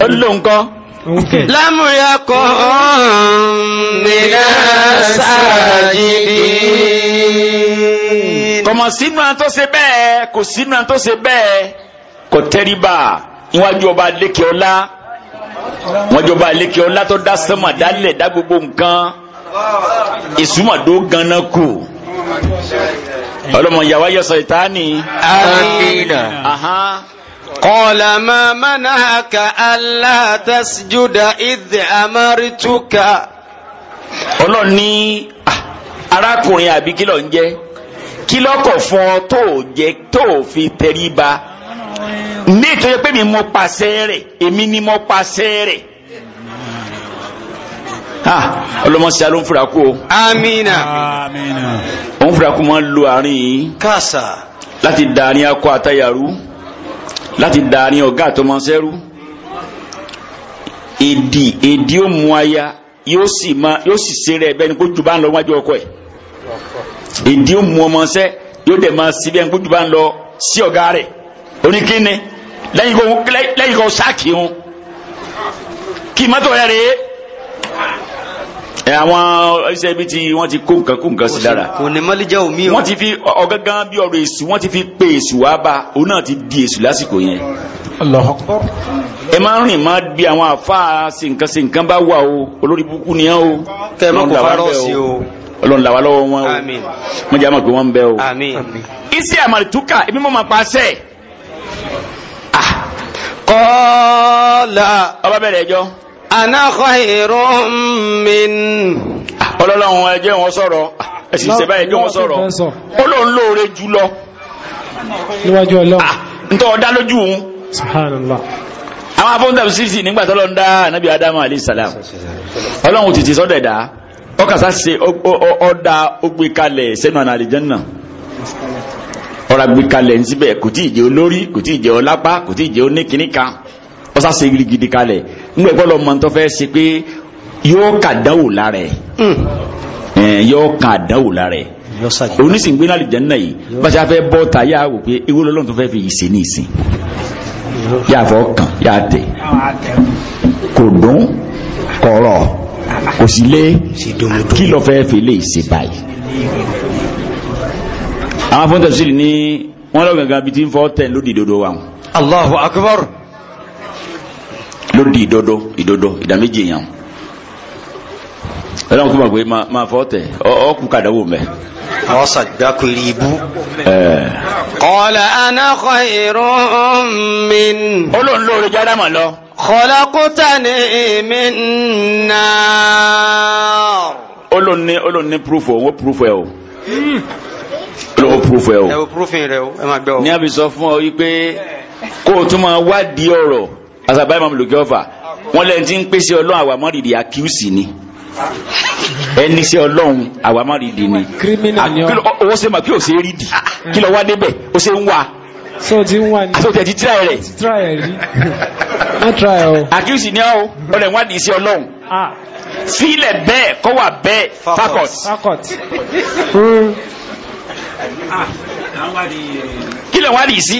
ó lò nǹkan. lámúyà kọ́ nínà sáàjìdì. kọ̀mọ̀ sínú àtọ́ ṣe bẹ́ẹ̀ kò sínú àtọ́ ṣe bẹ́ẹ̀ kò tẹ́ríba níwájú ọba lékè ọlá wọ́n jọba lékè tó dá sánmà dálẹ̀ dá gbogbo nǹkan ìsúmọ̀dó ganan kù ọlọ́mọ yàwá yọ sọ ìtaani. amiina. قال ما منعك ألا تسجد إذ أمرتك ọlọ́run ní ah, arákùnrin àbí kí ló ń jẹ́ kí lọ́kọ̀ fún ọ tó jẹ́ tó fi tẹríba nítorí pé mi mo pàṣẹ rẹ̀ èmi ni mo pàṣẹ rẹ̀ ha ọlọmọsí aló ń fura kú o. amina. amina. òun fura kú máa ń lo àárín yìí. káàsà. láti dàárín akọ àtayàrú láti dàárín ọ̀gá àtọmọsẹ́rú èdì èdì ó mú aya yóò sì ma yóò sì ṣeré ẹ bẹ́ẹ̀ ni kó ju bá ń lọ wájú ọkọ ẹ̀ èdì ó mú ọmọọṣẹ́ yóò dẹ̀ máa sí bẹ́ẹ̀ ni kó ju bá ń lọ sí ọ̀gá rẹ̀ oníkíni lẹ́yìn kó sáàkì wọn kì í mọ́tò rẹ̀ rèé àwọn iṣẹ́ ibi tí wọ́n ti kó nǹkan kó nǹkan sí lára wọ́n ti fi ọ̀gángan bí ọ̀rọ̀ èṣù wọ́n ti fi pe èṣù wá bá òun náà ti di èṣù lásìkò yẹn. ẹ máa ń rìn má bí àwọn àfáà ṣe nǹkan ṣe nǹkan bá wà o olórí burúkú nìyẹn o ọlọ́run làwa lọ́wọ́ wọn o wọ́n jẹ́ àmọ̀ pé wọ́n bẹ o. iṣẹ́ àmàlìtúkà ebi mọ́ máa paṣẹ́. kọ́ọ́lá ah. ọba bẹ̀rẹ̀ ẹjọ́ ana khairun min ọlọ́lọ́run ẹjẹ́ wọn sọ̀rọ̀ ẹ̀sìsẹ́ báyìí ẹjẹ́ wọn sọ̀rọ̀ ó lóun lóore jù lọ níwájú ọlọ́run ah, ntọ́ ọ̀dá lójú òun subhanallah àwọn afọ́ndà sísì nígbà tọ́lọ́ ń dá ànábì adamu alayhi salam ọlọ́run títí sọ́dọ̀ ẹ̀dá ọkàsá ṣe ọ̀dà ogbe kalẹ̀ sẹ́nu àná àlìjẹ́nà ọ̀rọ̀ agbe kalẹ̀ ń síbẹ̀ kò tí ì jẹ́ olórí kò tí ì jẹ́ ọlápá kò tí ì jẹ́ oníkìníkà ọ̀sá ṣe gidigidi kalẹ̀ ńgbẹ̀gbọ́ lọ mọ̀ tó fẹ́ ṣe pé yóò kà dánwò lára ẹ̀ hmm. yóò kà dánwò lára ẹ̀ onísìngbé náà lè jẹ́ náà yìí bá ṣe afẹ́ bọ́ ta yá wò pé ewé lọ́lọ́run tó fẹ́ fi ìsìn ní ìsìn yà fọ́ kàn yà tẹ̀ kò dún kọ̀rọ̀ kò sí lé kí lọ fẹ́ fi lè ṣe báyìí. àwọn afọ́ntẹ̀sílì ní wọ́n lọ gàgà bíi ti ń fọ́ tẹ̀ lódì dodo wa. Allahu akbar ló di ìdodo ìdodo ìdá méjì èèyàn ẹlẹ́wọ̀n kí n bá gbé máa fọ́ tẹ̀ ọ́ kú kàdáwò mẹ́. wọ́n ṣàgbákò ibú. Eh. qala ana khayrun min. olóhùn lóore jáde mà lọ. khalaqtani min nar. olóhùn ní olóhùn ní púrúfù owó púrúfù ẹ o. olówó púrúfù ẹ o. ẹ o púrúfù rẹ o ẹ máa gbẹ o. ní a sọ fún ọ yí pé kó o tún máa wádìí ọ̀rọ̀ asaba imam lugeova wọn lẹ́yìn tí ń pèsè ọlọ́run àwàmọ́rìdì àkíyèsí ni ẹni sẹ ọlọ́run àwàmọ́rìdì ni owó sẹ́mà kí o ṣe rí di kí lọ wá débẹ̀ o ṣe ń wá sọ́tẹ̀ ti tíra rẹ̀ àkíyèsí ni ọ́ ọ̀rẹ́ wọn di sẹ ọlọ́run sílẹ̀ bẹ́ẹ̀ kọ́ wà bẹ́ẹ̀ fakọt kí lọ wá di sí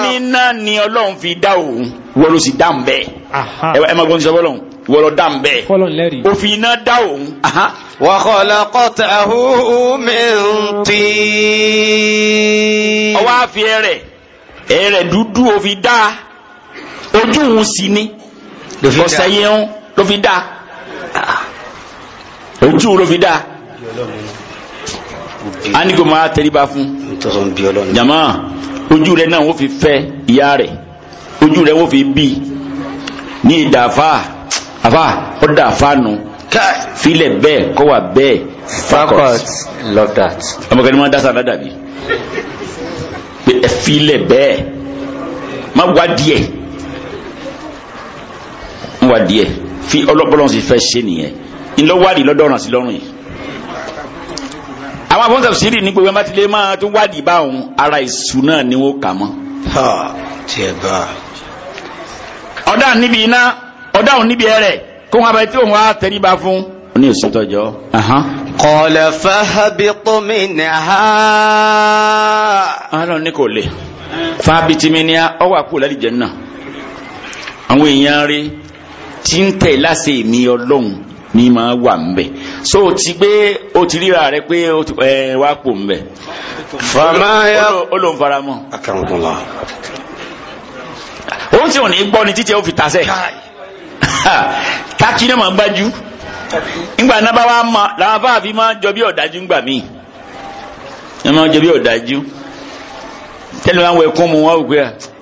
ní iná ni ọlọ́run fi dá òun wọ́n ló sì dá ń bẹ́ẹ̀ ẹ máa gbọ́n ti sọ fọlọ́run wọ́n lọ dá ń bẹ́ẹ̀ òfin iná dá òun. wa khalaqtahu min tin. ọwọ́ àfi ẹ̀rẹ̀ ẹ̀rẹ̀ dúdú òfin dá ojú òun sì ni ọ̀sẹ̀ yẹn ló fi dá ojú òun ló fi dá anigo máa tẹríba fún jama ojú rẹ náà wọ́n fi fẹ́ ìyá rẹ̀ ojú rẹ wọ́n fi bí ní ìdàfà àfà ọ̀dàfà nù filẹ̀ bẹ́ẹ̀ kọ́ wà bẹ́ẹ̀ fakọt love that ọmọkẹ́ni máa dásà ládàbí pé ẹ filẹ̀ bẹ́ẹ̀ má wá díẹ̀ má wá díẹ̀ fi ọlọ́pọ̀lọ́sì fẹ́ ṣe nìyẹn ńlọ́wádìí lọ́dọ̀ ọ̀ràn sí lọ́rùn yìí àwọn afọ́n tafsiri ní gbogbo ẹ̀ma tilẹ̀ máa tó wádìí bá òun ara ìṣù náà ni wọ́n kà mọ́. ọ̀dà níbi iná ọ̀dà òun níbi ẹ̀rẹ̀ kó wọn abẹ́ tí òun á tẹríba fún ní ìsúntọ́jọ́. qala fahabit minha. ọlọ́run ní kò lè fábitì mi ni ọwọ́ àkúrò láti jẹ́ náà àwọn èèyàn rí tí ń tẹ̀ láṣẹ mi ọlọ́run ní máa wà nbẹ so o ti gbé o ti ríra rẹ pé ẹ wá pò nbẹ. famaya ó ló ń faramọ. akamukunla. o ti eh, ò ní gbọ́ ni títí o fi tasẹ̀. káàkiri náà ma ń gbájú. ńgbà náà wa ma làwọn bá fi máa jọ bí ọ̀dájú ńgbà míì. wọ́n máa jọ bí ọ̀dájú. tẹ́lẹ̀ wọn wọ ẹkún mu wọn ò gbé a.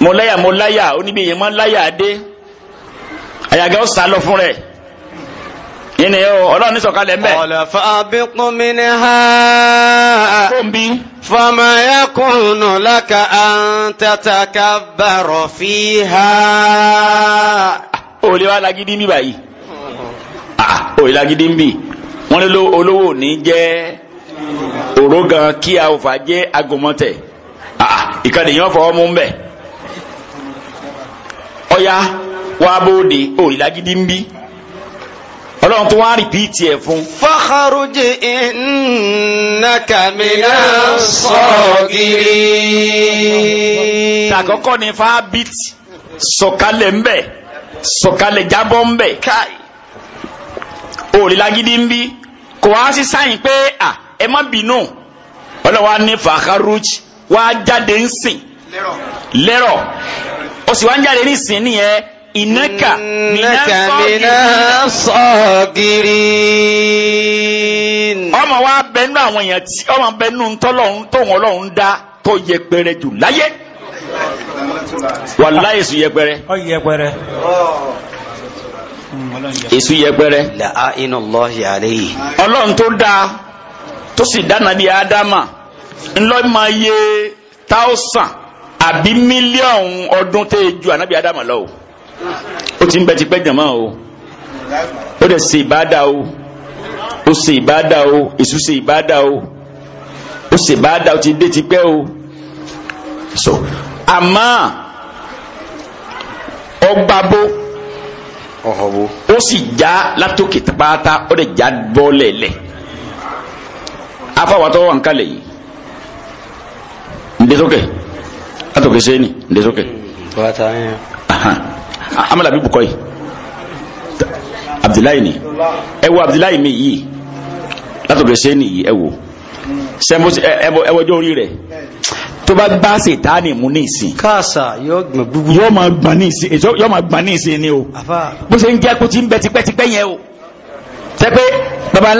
mo láyà mo láyà oníbi yẹn máa ń láyà dé àyàgá ó sá lọ fún rẹ̀ yìí ni ó ọlọ́run ní sọ̀kalẹ̀ ń bẹ̀. ọ̀lẹ̀ fàbíkún mi ní ha. fúnbi. fọmọya kùnú lákà án tẹ́tà ká bàrọ̀ fi ha. ó lè wá lágídí níbà yìí ó lè lágídí níbì olówó ní jẹ́ òrógan kí a ò fà jẹ́ agomọ́tẹ̀ ìkànnì yẹn fọwọ́ mú bẹ́ẹ̀ ọ̀ya wàá bóde ò ìlàgídí ń bí ọlọ́run tó wá rìpíìtì ẹ̀ fún. fọ́kàrújì ìnákàmínà sọ̀gìrì. tàkọ́kọ́ ni fábít sọ̀kalẹ̀ ń bẹ̀ sọ̀kalẹ̀ jábọ́ ń bẹ̀ káì òrìlágídí ń bí kò wá sí sáyìn pé à ẹ má bínú ọlọ́wà ní fàkàrújì wá jáde ń sìn lẹ́rọ̀ ó sì wá ń jáde nísìnyí nìyẹn ìnáka mìíràn sọ́ọ̀gìrì. ọmọ wa bẹnu àwọn èèyàn tí ọmọ bẹnu tọ́lọ́hún tóun ọlọ́hún dá tó yẹpẹrẹ jù láyé wàláyé èsù yẹpẹrẹ. ọ yẹpẹrẹ. èsù yẹpẹrẹ. làá iná lọ́ọ̀hì àlẹ́ yìí. ọlọ́run tó dáa tó sì dá nàbí ádámà ńlọ́ọ́ máa yé táwùsàn àbí mílíọ̀nù ọdún tẹ́ ju ànábì ádámà lọ o ó ti ń bẹ tipẹ́ jàmọ́ o ó dẹ̀ ṣe ìbáda o ó ṣe ìbáda o èṣù ṣe ìbáda o ó ṣe ìbáda o ti dé tipẹ́ o so àmọ́ ọgbà bo ó sì já látòkè pátá ó dẹ̀ já bọ́ lẹ̀lẹ̀ afọwọ́tọ́ wà kalẹ̀ yìí ń Okay atoke seni nde soke amala bi bukoi abdullahi ni ẹ wo abdullahi mi yìí látọ̀kẹ́ seni yìí ẹ wo ẹwọ ọjọ́ orí rẹ̀ tó bá bá sètáni mú ní ìsìn káàsà yóò máa gbà ní ìsìn yóò máa gbà ní ìsìn ni o bó ṣe ń jẹ́ kó ti ń bẹ tipẹ́tipẹ́ yẹn o tẹ́ pé baba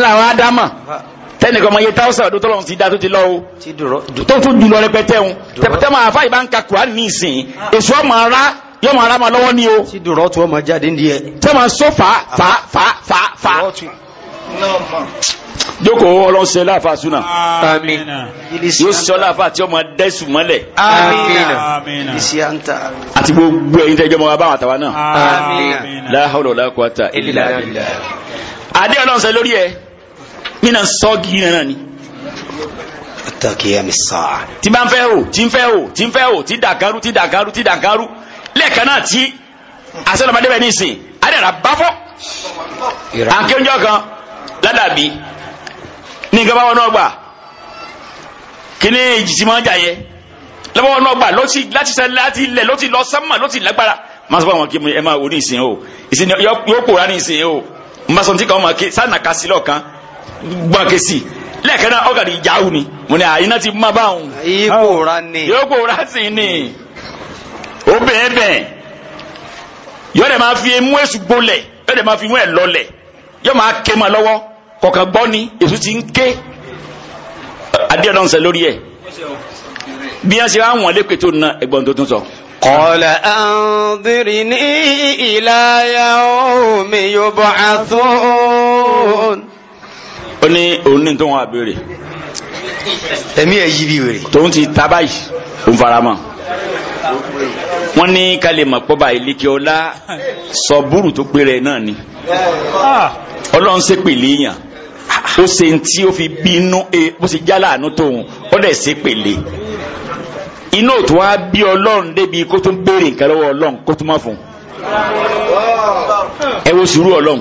tẹnìkan ọmọ iye táwọsàn ọdún tọlọ́run ti da tó ti lọ o tó tún jùlọ rẹpẹtẹ ń tẹpẹtẹ máa fà ìbá ń ka Kùránì ní èso ọmọ ara yóò máa ra máa lọ́wọ́ ní o. tí dùrọ̀ tó ọmọ jáde ní ẹ. tẹ́ máa sọ fà fà fà fà fà. jókòó ọlọ́sẹ̀ láàfà súnà. àmín. yóò sọ láàfà tí ọmọ dẹ́sù mọ́lẹ̀. àmín. isi à ń ta. àti gbogbo ẹ̀yin tẹ́jọ́ mọ́ abáwọn àtàwọn náà. àmín. la hawla wala quwwata illa billah. adé lórí ẹ nínà sọ́ọ̀gì yìí náà ni. àtàkìyà mi sá. tí bá ń fẹ́ o tí ń fẹ́ o tí ń fẹ́ o tí dàgàrú tí dàgàrú tí dàgàrú lẹ́ẹ̀kan náà tí àṣẹlọ́mọdé bẹ́ẹ̀ ní ìsìn àdàrà báfọ́. àkéwọ́njọ́ kan ládàbí ní nǹkan báwọn náà gbà kíní ìjìsí máa ń jà yẹn lọ́wọ́ náà gbà láti sẹ́ láti ilẹ̀ ló ti lọ sánmà ló ti lágbára máa sọ fún àwọn kí ẹ máa wò ní o ìsìn yóò pòórá ní ìsìn o mbàsọ̀ntì kan máa ké sànà kásílọ̀ kan gbọ́n kesi lẹ́ẹ̀kan náà ọ̀gàdì ìjáwù ni mo ní àyínà ti má bá òun. yóò ra sí ni ó bẹ́ẹ̀ bẹ́ẹ̀ yóò dẹ̀ máa fi emú èṣù gbolẹ̀ yóò dẹ̀ máa fi imú ẹ̀ lọlẹ̀ yóò máa ké ma lọ́wọ́ kọ̀ọ̀kan gbọ́ ni èṣù ti ń ké adéọ̀dọ̀ ń sẹ lórí ẹ̀ bí wọ́n ṣe wá wọ̀n lépè tó na ẹ̀gbọ́n tó tún sọ. قال أنظرني إلى يوم يبعثون ó ní òun ní tó wọn àbèrè. ẹ̀mí ẹ̀ yí bí wèrè. tòun ti ta báyìí òun fara mọ́ wọ́n ní kálí mọ̀ pọ́ba ìlékè ọlá sọ búrú tó péré náà ni ọlọ́run ṣépè léèyàn ó ṣe ń tí ó fi bínú eh, bó ṣe jálà àánú tóun ó dẹ̀ ṣépè lé inú òtún wá bí ọlọ́run débi kó tún béèrè nǹkan lọ́wọ́ ọlọ́run kó tún mọ̀ fún un ẹ wo sùúrù ọlọ́run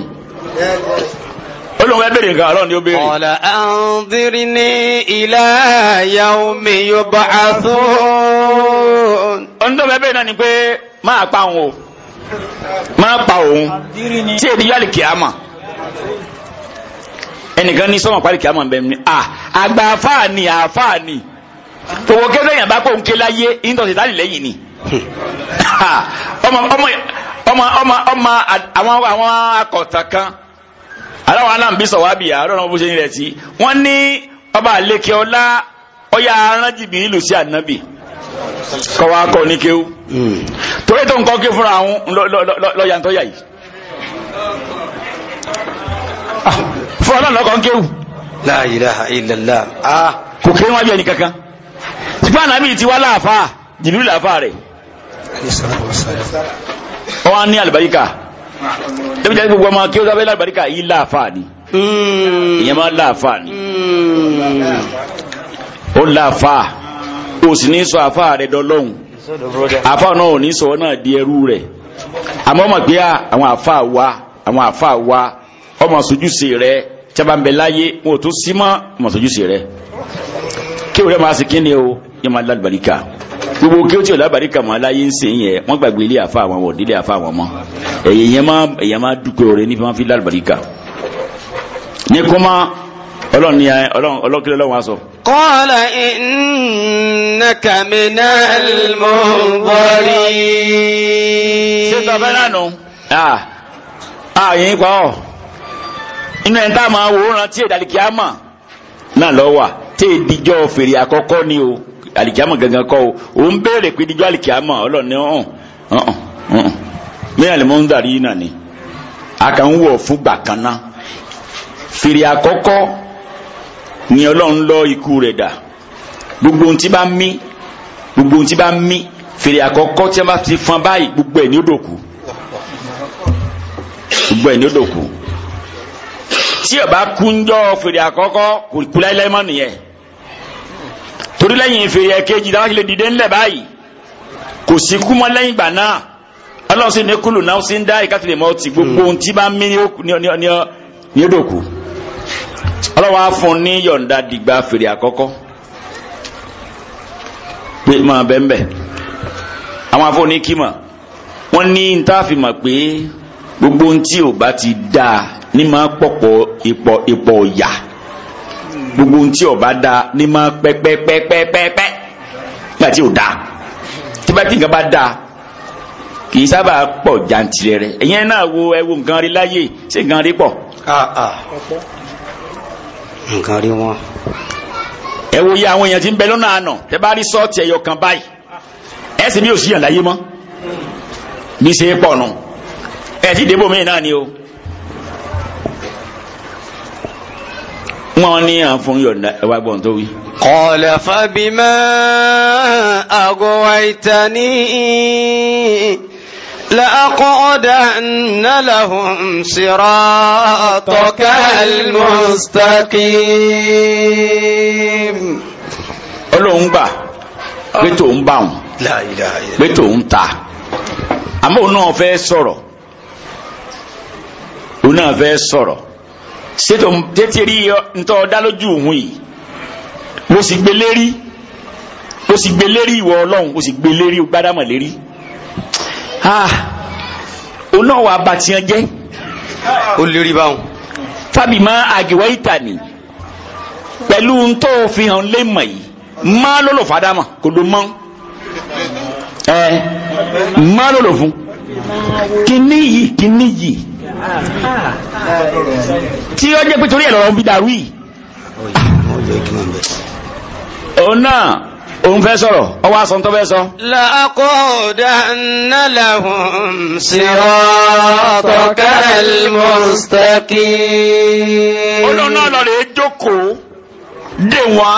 olóhùn ẹbẹ̀rẹ̀ nǹkan ọlọ́run ni ó béèrè. ọ̀la àǹdírí ní ilá yaomi yorùbá àtò. ohun tó bẹ́ẹ̀ bẹ́ẹ̀ náà ni pé máa pa òun o máa pa òun tí èdè yálì kìámà ẹnìkan ní sọ́mọ̀ parí kìámà bẹ́ẹ̀ ni àgbà àfáà ni òwò kẹ́sẹ̀ yàn bá kó ń ké láyé ìtọ̀sí tálì lẹ́yìn ni (laughs) ọmọ ọmọ ọmọ àwọn akọ̀tàn kan. aláwọn aláǹbí sọ̀wábì àárọ̀ náà bó ṣe rẹ̀ sí wọ́n ní ọba àlékè ọlá ọyá aràn ìlú sí ànábì kọ́wá kọ́ ní kéwú hmm. torí tó ń kọ́ kí fúnra àwọn lọ́ọ̀yà ń tọ́yà yìí fúnra náà lọ́kọ̀ ń kéwú. la ilaha illallah kò ẹni kankan ànábì ti wá láàfáà láàfáà rẹ̀ á ní ebi jẹ́ gbogbo ọmọ kí ó sábẹ́ lálùbáríkà yìí láàfáà ni hmm. ìyẹn máa láàfáà ni hmm. ó láàfáà o sì ní sọ àfáà rẹ dọlọ́hùn àfáà náà ò ní sọ náà di ẹrú rẹ̀ àmọ́ mọ̀ pé ah, àwọn àfáà wa àwọn àfáà wa ọmọ sojúṣe rẹ tí a bá ń bẹ láyé wọn ò tún sí mọ́ ọmọ sojúṣe rẹ kí o rẹ máa sì kí ni o yẹ máa lálùbáríkà gbogbo kí o tí o lábàríkà mọ́ aláyé ń sìn yẹn wọ́n gbàgbé ilé àfa àwọn wọ̀ délé àfa àwọn mọ́ èyí yẹn má èyí má dúpẹ́ ọ̀rẹ́ níbi wọn fi lábàríkà ní kọ́má ọlọ́run ni ọlọ́run ọlọ́kìlẹ̀ ọlọ́run wa sọ. qala innaka minal munzirin. ṣé tọ́ba náà nù. a yẹn pa ọ́ inú ẹ̀ ń tá a máa wòran tí èdè àlìkíyàmà náà lọ wà tí èdìjọ́ fèrè àkọ́kọ́ ni o alikiyama gangan kọ́ o ò ń béèrè pé díjọ́ alikiyama ọlọ́ni ọ̀hún ọ̀hún mẹ́rin alimọ́ndàrí náà ni a kàn ń wọ̀ fún gbà kan náà fèrè àkọ́kọ́ ni ọlọ́run lọ ikú rẹ̀ dà gbogbo ohun tí bá mí gbogbo ohun bá mí fèrè àkọ́kọ́ tí a bá ti fọn báyìí gbogbo ẹ̀ ní ó dòkú gbogbo ẹ̀ ní ó dòkú tí ó bá kú ń jọ fèrè àkọ́kọ́ kò kú láéláé torí lẹ́yìn ìfèrè ẹ̀kejì dáwọ́ sílẹ̀ dìde ńlẹ̀ báyìí kò sí kú mọ́ lẹ́yìn ìgbà náà ọlọ́run sì ní kúlù náà sí ń dá ìkátìlẹ̀ mọ́ ti gbogbo ohun tí bá ń mí ní òdòkú ọlọ́wọ́ á fún ní yọ̀ǹda dìgbà fèrè àkọ́kọ́ pé máa bẹ́ẹ̀ bẹ́ẹ̀ àwọn afọ́ni kímọ̀ wọ́n ní ntáfìmọ̀ pé gbogbo ohun tí ò bá ti dáa ní máa pọ̀pọ̀ ipò ọ̀yà. Ipo, ipo, gbogbo ohun tí ọba da ní máa pẹpẹpẹpẹpẹ nígbà tí ò da tí bá tí nǹkan bá da kì í sábà pọ̀ jantirẹrẹ ẹ̀yẹn náà wo ẹ wo nǹkan rí láyé ṣé nǹkan rí pọ̀. nǹkan rí wọn. ẹ wo iye àwọn èèyàn tí ń bẹ lọ́nà àná tẹ bá rí sọ́ọ̀tì ẹ̀yọ kan báyìí ẹ sì bí òṣìyàn láyé mọ́ bí ṣe pọ̀ nù ẹ ti débò mí náà ni o. wọn ní àfún yọ̀ǹda ẹwà gbọ́n tó wí. qala fabima aghwaytani la'aq'udanna lahum siratakal mustaqim. olóhùn gbà pé tòun bá wọn pé tòun ta àmọ́ òun náà fẹ́ sọ̀rọ̀ òun náà fẹ́ sọ̀rọ̀ ṣètò tẹ́tìrí ntọ́ dálójú òun yìí mo sì gbé lérí mo sì gbé lérí ìwọ ọlọ́run mo sì gbé lérí gbádámọ̀ lérí ah! òun náà wà bàtìyàn jẹ́ ó lérí báwọn fábìmọ́ àgìwọ́ ìtàní pẹ̀lú ntọ́ fi hàn lé mọ̀ yìí má lọ́lọ́ fàdámà kò ló mọ́ ẹ má lọ́lọ́ fún kíní yìí kíní yìí tí ó jẹ́ pé torí ẹ̀ lọ́rọ̀ ń bí dàrú yìí òun náà òun fẹ́ sọ̀rọ̀ ọwọ́ asán tó fẹ́ sọ. لأقعدن لهم صراطك المستقيم. olóòórùn náà lọ rè jókòó dé wá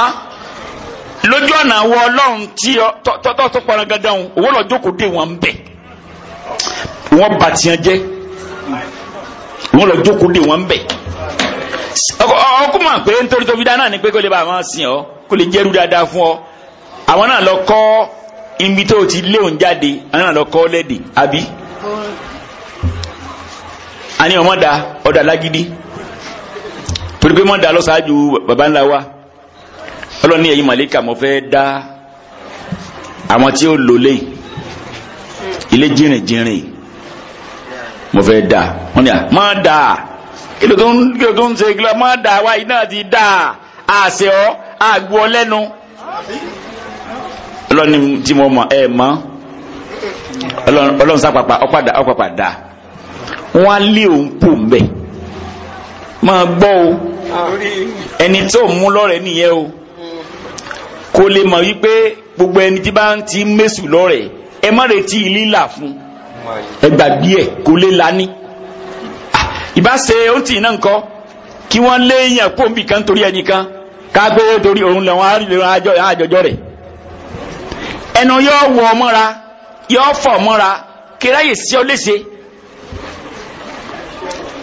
lójú ọ̀nà àwọn ọlọ́run tí tọ́tọ́ tó pọnra gangan òun lọ jókòó dé wọn bẹ̀ wọ́n bàtìyàn wọ́n lọ jókòó dè wọ́n bẹ̀ ọkùnrin pé nítorí tó fi dáná ni pé kó lè bá àwọn sìn ọ kó lè jẹ́rú dáadáa fún ọ àwọn náà lọ kọ́ ibi tó ti lé òun jáde àwọn náà lọ kọ́ lẹ́dẹ̀ àbí àní ọmọdà ọdà lágídí torí pé mọ́dà lọ́sàájú baba ńlá wa ọlọ́ni ẹ̀yin malika mo fẹ́ dá àwọn tí ó lò lẹ́yìn ilé jìnrìn jìnrìn mo fẹ́ dà wọ́n ní à má dà kílò tó ń kílò tó ń ṣe kílò má dà wá iná ti da, àṣẹ ọ àgbo ọlẹ́nu ọlọ́ni tí mo mọ̀ ẹ mọ́ ọlọ́run sápapà ọ̀pàdà ọ̀pàpà dà wọ́n á lé òun pò ń máa gbọ́ o ẹni tó mú lọ́rẹ̀ẹ́ nìyẹn o kò lè mọ̀ wípé gbogbo ẹni tí bá ń ti mẹ́sù lọ́rẹ̀ẹ́ ẹ má retí lílà fún un ẹgbà bí kò lè lani ìbá ṣe ó tì náà nǹkan kí wọ́n léèyàn pòǹbì kan torí ẹnìkan kágbé torí òun lọ́wọ́ àjọjọ rẹ̀ ẹnu yóò wọ mọ́ra yóò fọ̀ mọ́ra kíráyè sí ọ léṣe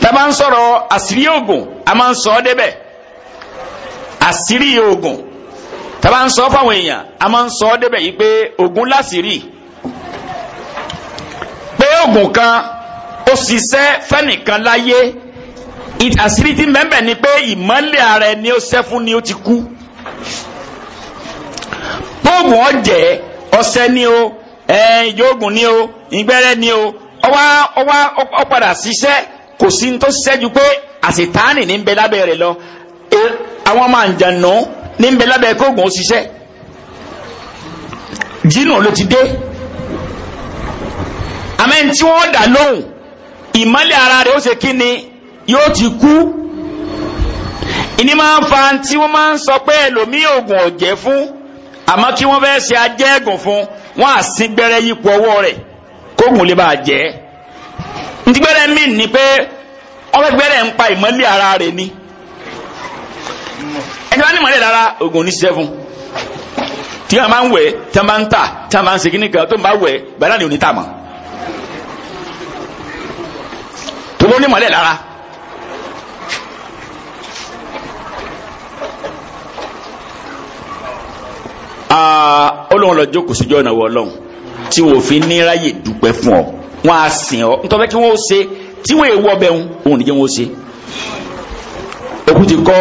tàbá ń sọ̀rọ̀ àṣírí oògùn a máa ń sọ ọ́ débẹ̀ àṣírí oògùn tàbá ń sọ fáwọn èèyàn a máa ń sọ ọ́ débẹ̀ yìí pé oògùn láṣìírí oògùn kan ó ṣiṣẹ́ fẹ́nìkan láyé àṣírí tí mẹ́mbẹ̀ ni pé ìmọ́lẹ̀ ara ẹni ó ṣẹ́ fún ni ó ti kú oògùn ọ̀jẹ̀ ọ̀sẹ̀ ni o ìjọ́gùn ni o ìgbẹ́rẹ́ ni o ọwá ọwá ọ̀padà ṣiṣẹ́ kò sí tó ṣiṣẹ́ ju pé àṣetánì ní bẹ lábẹ́ rẹ̀ lọ àwọn ọmọ àǹjànú ní bẹ lábẹ́ kóògùn ó ṣiṣẹ́ jínú ló ti dé àmẹ́ni tí wọ́n dà lóhùn ìmọ́lẹ̀ ara rẹ̀ ó ṣe kí ni yóò ti kú ìní máa ń fa tí wọ́n máa ń sọ pé ẹlòmíì oògùn ọ̀jẹ́ fún àmọ́ kí wọ́n fẹ́ ṣe ajẹ́ ẹ̀gùn fún wọ́n á sí gbẹ́rẹ́ yípo ọwọ́ rẹ̀ kóògùn lè bàa jẹ́ ntí gbẹ́rẹ́ mí ni pé wọ́n fẹ́ gbẹ́rẹ́ ń pa ìmọ́lẹ̀ ara rẹ̀ ni ẹni bá ní ìmọ́lẹ̀ lára oògùn ní ṣiṣẹ́ tí wọ́n máa ń wẹ̀ tí wọ́n máa ń tà tí wọ́n máa ń ṣe kíníkan tó ń bá wẹ̀ bẹ́ẹ̀ ni ò ní tà mọ́. tó ló ní mọ́lẹ̀ lára. Ah, ọlọ́run lọ jókòó síjọ́ ọ̀nà wọ ọlọ́run tí wọ́n fi ní ráyè dúpẹ́ fún ọ wọ́n á sìn ọ́ nítorí kí wọ́n ó ṣe tí wọ́n èèwọ̀ ọbẹ̀ ń òun nìjẹ́ wọ́n ó ṣe. òkú ti kọ́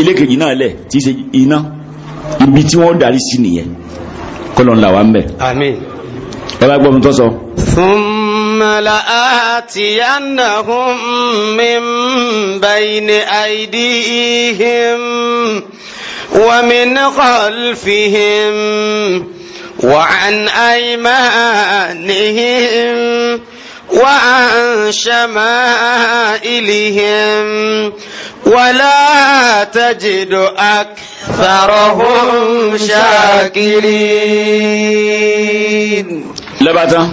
ilé kejì náà lẹ̀ tí í ṣe iná ibi tí wọ́n darí sí nìyẹn kọ́lọ́n làwọn ń bẹ̀. ẹ bá gbọ́ mi tó sọ. fún ثم لآتينهم من بين أيديهم ومن خلفهم وعن أيمانهم وعن شمائلهم ولا تجد أكثرهم شاكرين لبعتها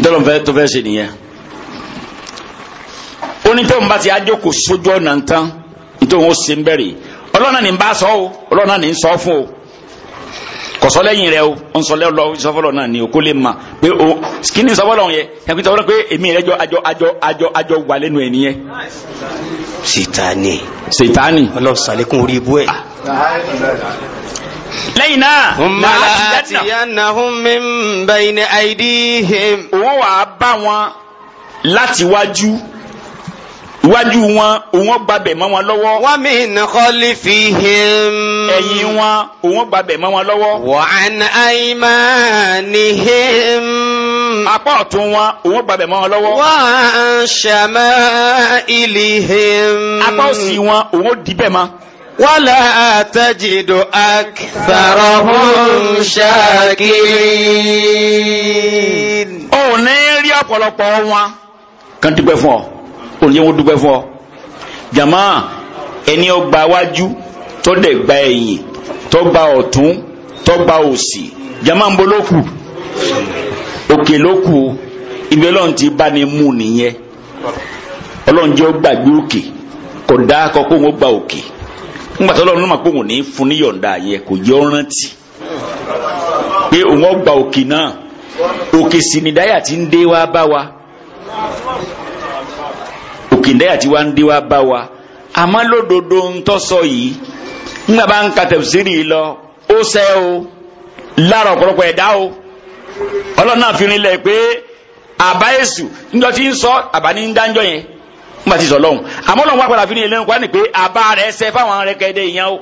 ntọ́lọ́n fẹ́ tó fẹ́ ṣe nìyẹn ti ń bẹ̀rẹ̀ sọ o o rẹ o náà ni o lè pé o yẹ pé èmi rẹ jọ nìyẹn. sitani. sitani. orí ah. lẹ́yìn náà. mọ̀lá àti yanahun mi ń bẹ ní àìdíhìm. òun wàá bá wọn láti wájú iwájú wọn òun gbàbẹ̀ mọ́ wọn lọ́wọ́. wa min khalfihim. ẹ̀yìn wọn òun gbàbẹ̀ mọ́ wọn lọ́wọ́. wa an aymanihim. apá ọ̀tún wọn òun gbàbẹ̀ mọ́ wọn lọ́wọ́. wa an shama'ilihim. apá òsì wọn òun dìbẹ̀ mọ́. ولا تجد أكثرهم شاكرين ó ní rí ọ̀pọ̀lọpọ̀ wọn kan dúpẹ́ fún ọ ó ní wọn dúpẹ́ fún ọ jàmá ẹni ó gba wájú tó dẹ̀ gba ẹ̀yìn tó gba ọ̀tún tó gba òsì jàmá ń bo lókù òkè lókù ibi ọlọ́run ti bá ní mú nìyẹn ọlọ́run jẹ́ ó òkè kò dáa kọ́ kó wọn gba òkè. Okay ńgbà tó lọ́run ló pé òun ní fún ní yọ̀ǹda yẹ kò jẹ́ rántí pé òun ọgbà òkè náà òkè sì ni dáyà ti ń dé wá bá wa òkè dáyà ti wá ń dé wá bá wa àmọ́ lódodo ń tọ́ sọ yìí ńgbà bá ń ka tẹ̀síìrì lọ ó sẹ́ o lára ọ̀pọ̀lọpọ̀ ẹ̀dá o ọlọ́run fi pé àbá ti ń yẹn nígbà tí sọlọ́hún àmọ́ lọ́hún wá padà fi ní ilé nǹkan ni pé àbá rẹ̀ ṣẹ fáwọn rẹ̀ kẹ́dẹ́ ìyẹn o.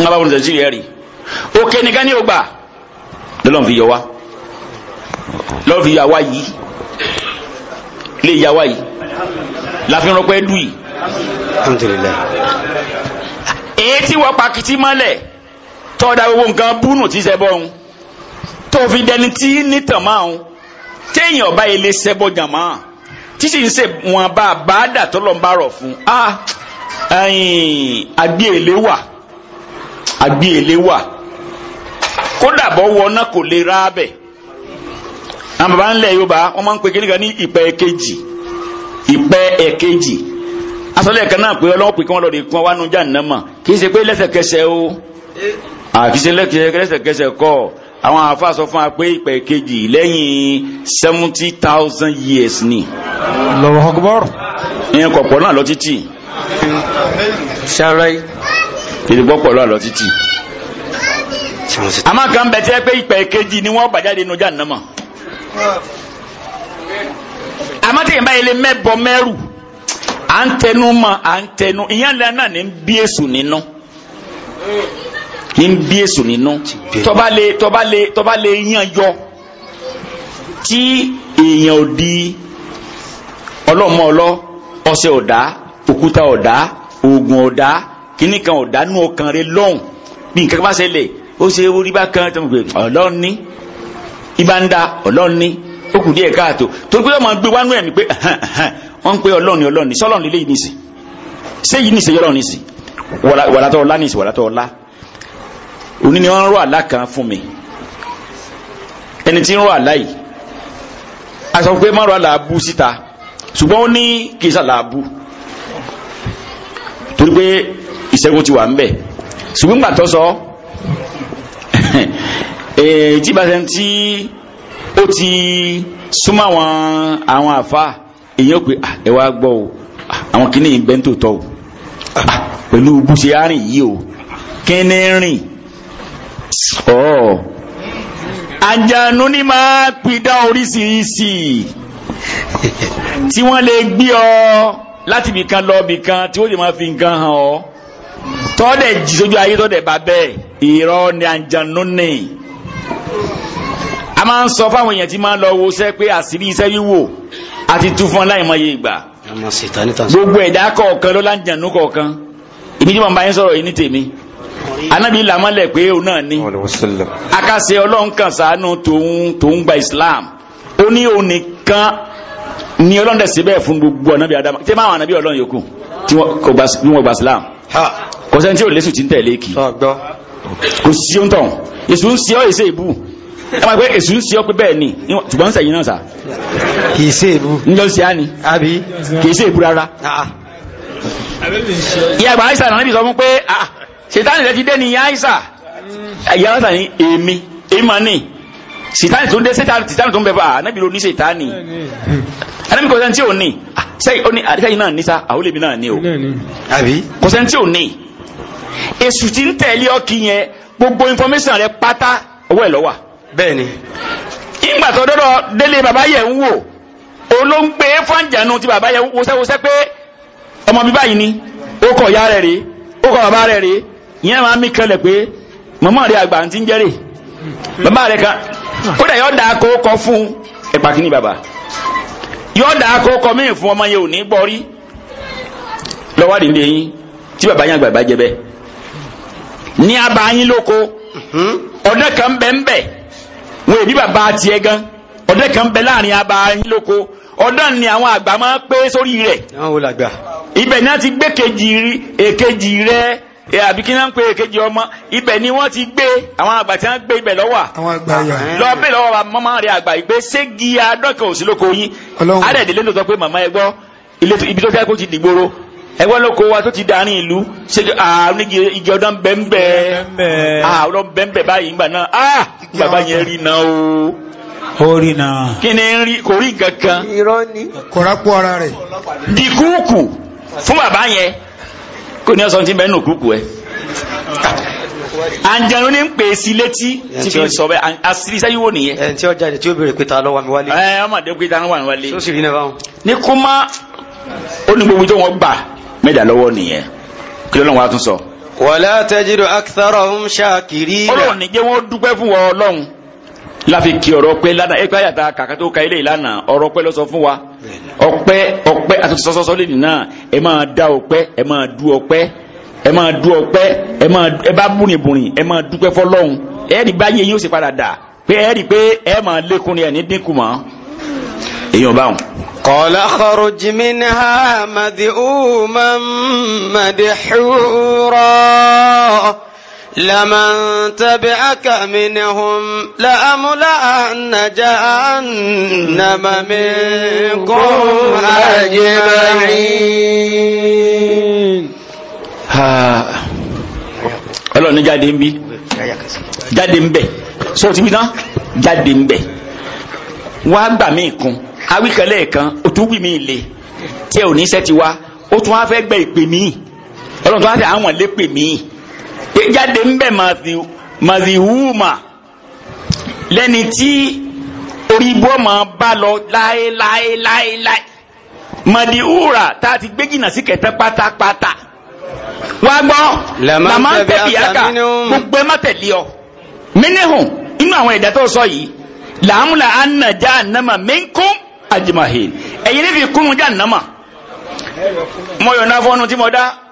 ń bá wọn lọ sí ẹ̀rí òkè nìkan ni ó gbà lọ́lọ́run fi yọ wá lọ́lọ́run fi yọ àwa yìí lè yà wá yìí láfihàn ọpẹ́ dù yìí. alhamdulillah. èyí tí wọ́n pakìtì mọ́lẹ̀ tọ́da gbogbo nǹkan búnù tí sẹ́ bọ́ ń tó fi dẹni tí nítàn máa téèyàn ọba ilé sẹ́bọ̀ jàmọ́ tí sì ń ṣe wọn bá a bá a dà tó lọ́n bá rọ̀ fún a àgbé èlé wà àgbé èlé wà kódà bọ́ wọná kò lè ra bẹ̀ àwọn baba ńlẹ̀ Yorùbá wọ́n máa ń pè kí nìkan ní ìpẹ́ èkejì ìpẹ́ èkejì asọ́lẹ̀ kan náà pé ọlọ́wọ́ pé kí wọ́n lọ́ọ́ de kí wọ́n wá nu mọ̀ kì í ṣe pé lẹ́sẹ̀kẹsẹ̀ o eh. àfi ṣe lẹ́sẹ̀kẹsẹ̀ kọ́ ọ àwọn àfa sọ fún wa pé ìpè kejì lẹ́yìn seventy thousand years ni. Allahu Akbar. ìyẹn kò pọ̀ náà lọ títì. sáré. kìdí bọ́ pọ̀ náà lọ títì. àmọ́ kan bẹ̀ tí ẹ pé ìpè kejì ni wọ́n bàjáde nínú Jahannama. àmọ́ tí ìyẹn lè mẹ́bọ mẹ́rù à ń tẹnu mọ́ à ń tẹnu ìyẹn lẹ́yìn náà ní bí nínú ń bí èso nínú tọ́ba lè tọ́ba lè tọ́ba lè yan yọ tí èèyàn ò di ọlọ́mọ ọlọ́ ọṣẹ ọ̀dá òkúta ọ̀dá oògùn ọ̀dá kínní kan ọ̀dá nù ọkàn rẹ lọ́hùn bí nǹkan bá ṣẹlẹ̀ ó ṣe orí bá kan tó ń pè ọlọ́run ní ibà ń da ọlọ́run ní ó díẹ̀ káàtó torí pé ọmọ gbé wánú ẹ̀ ní pé wọ́n ń pe ọlọ́run ní ọlọ́run ní sọ́lọ́run lélẹ́yìn nìsín ṣé yìí yọ́lọ́run nìsín wàlátọ́ ọlá nìsín wàlátọ́ ọlá òní ni wọ́n ń rọ àlá kan fún mi ẹni tí ń rọ àlá yìí a sọ pé má rọ àlá bú síta ṣùgbọ́n ó ní kì í sàlá bú torí pé ìṣẹ́gun ti wà ń bẹ̀ ṣùgbọ́n gbà tó sọ (laughs) tí bàtẹ́ tí ó ti súnmọ́ àwọn àwọn àfa èyí ó pé ẹ wá gbọ́ o àwọn kìíní bẹ́ńtò tọ́ o pẹ̀lú bùsẹ̀ àárín yìí o kíní rìn ọ̀ àjànú ni máa pidá oríṣiríṣi tí wọ́n lè gbé ọ láti bìkan lọ bìkan tí ó lè máa fi nǹkan hàn ọ́ tọ́dẹ̀ jí sójú ayé tọ́dẹ̀ bá bẹ́ẹ̀ irọ́ ni àjànú ni a máa ń sọ fáwọn èèyàn tí máa ń lọ wo iṣẹ́ pé àṣírí iṣẹ́ wíwò àti tú fún aláìmọye ìgbà gbogbo ẹ̀dá kọ̀ọ̀kan ló láǹjànú kọ̀ọ̀kan ìbí tí màmá sọ̀rọ̀ yìí ní tèmi anabi lamọlẹ pé òun náà ni akase Ọlọ́run kan ṣàánú tòun tòun gba islam ó ní òun nìkan ni Ọlọ́run dẹ̀ síbẹ̀ fún gbogbo anabi adama tí máa wà anabi Ọlọ́run yòókù tí wọ́n gba islam kò sẹ́ni o ò lẹ́sùn tí ń tẹ̀lé kì kò sí ohun tán èsù ń ṣe ọ́ èsè ìbú ẹ máa gbé èsù ń ṣe ọ́ pé bẹ́ẹ̀ ni ṣùgbọ́n ń sẹ̀yìn náà sà kì í ṣe ìbú ń lọ sí á ni kì í ṣe ìbú rárá ìyá àgbà àìsàn náà níbi sọ fún pé ah, ah sitani rẹ ti dé ni yaisa yaisa ni èmi èmi ma ní sitani tó dé sitani tó ń bẹ bá anabi ló ni sitani anabi kò sẹ́ni ni, ò ní sẹ́yìn ó ní àdéhàyìn sa àwọn èmi náà o Abi, kò sẹ́ni tí ò ní èsù ah, tí gbogbo information rẹ pata ọwọ́ ẹ̀ lọ́wọ́ bẹ́ẹ̀ni ìgbà tó dọ́dọ̀ délé bàbá yẹn ń wò olóńgbé fọ́njànú ti bàbá yẹn wọ́sẹ́wọ́sẹ́ pé ọmọ bíbá yìí ni ó kọ̀ ya rẹ̀ rèé ó kọ̀ bàbá rẹ̀ rèé ìyẹn máa mí pé màmá rẹ̀ àgbà ń ti ń jẹ́rè bàbá rẹ̀ kan ó fún ẹ̀pà bàbá yọ̀ dà kó fún ọmọ yẹn ò ní gbọ́ rí àdìní lẹ́yìn tí bàbá yẹn àgbà bá jẹ ní lóko kan ń bẹ ń bẹ wọn èbí bàbá gan kan ń bẹ ni àwọn àgbà máa ń pé sórí a ti gbé kejì àbí kí náà ń pe èkejì ọmọ ibẹ̀ ni wọ́n ti gbé àwọn àgbà tí wọ́n gbé ibẹ̀ lọ́wọ́ lọ bẹ̀ lọ́wọ́ mọ́mọ́ rẹ̀ àgbà ìgbé ségi adọ́kan òsì lóko yín àdẹ̀dẹ̀lẹ́ ló sọ pé màmá ẹgbọ́ ibi tó fẹ́ kó ti dìgboro ẹgbọ́n lóko wa tó ti darin ìlú ṣe àrùn igi ọdún bẹ́ẹ̀nbẹ́ àrùn bẹ́ẹ̀nbẹ́ báyìí gbà náà ah bàbá yẹn rí náà o ó rí náà kí ni rí kò rí nǹkan kan kò kò ní ọsàn tí bẹ́ẹ̀ nù kúkú ẹ àǹjẹ̀nu ní ń pè é sí létí tí fi sọ bẹ́ẹ̀ àṣírí sẹ́yìn wò nìyẹn. ẹ̀ tí ó jáde tí ó béèrè pé ta ló wà mí wálé. ẹ ọmọ àdé pé ta ló wà mí wálé. tó sì rí náà báwọn. ní kó má ó ní tó wọn gbà mẹ́ta lọ́wọ́ nìyẹn kí ló lọ́n wá tún sọ. wala tajidu aktharahum shakirina. ọlọ́run ní jẹ́ wọ́n dúpẹ́ fún wọn ọlọ́run láfi kí ọ̀rọ̀ pẹ́ lánàá ẹgbẹ́ àyàtà kàkà ka ilé ìlànà ọ̀rọ̀ pẹ́ ló sọ fún wa ọpẹ́ ọpẹ́ asọsọsọsọ lè nìyà ẹ máa dá ọpẹ́ ẹ máa dú ọpẹ́ ẹ máa dú ọpẹ́ ẹ máa ẹ bá bùrìnbùrìn ẹ máa dúpẹ́ fọ́lọ́run ẹ rí báyé yín ó sì padà dà pé ẹ rí pé ẹ máa lékun ní ẹ ní dínkù mọ́ èèyàn báwọn. قال اخرج منها مذءوما مدحورا لمن تبعك منهم لأملأن جهنم منكم أجمعين ọlọ́run ní jáde ń bí jáde ń bẹ̀ sọ ti wí náà jáde ń bẹ̀ wá gbà mí kun awíkẹ́lẹ́ kan o tún wí mí le tí ẹ ò ní sẹ́ ti wá o tún wá fẹ́ gbẹ ìpè mí ọlọ́run tó wá fẹ́ àwọn lé pè mí. gbé jáde ń mazi màdìhùmà lẹ́ni tí orí ma ba lọ láéláéláéláé màdìhùrà tá a ti gbé jìnnà sí kẹtẹ pátápátá wá gbọ́ làmá ń tẹ̀bi àkà gbogbo ẹ má tẹ̀lé ọ mínihùn inú àwọn ẹ̀dá tó sọ yìí làámùlà ànàjà ànàmà mẹ́ńkún àjùmáhìn ẹ̀yin níbi kúnnú jà ànàmà mo yọ̀ náà fọ́nù tí mo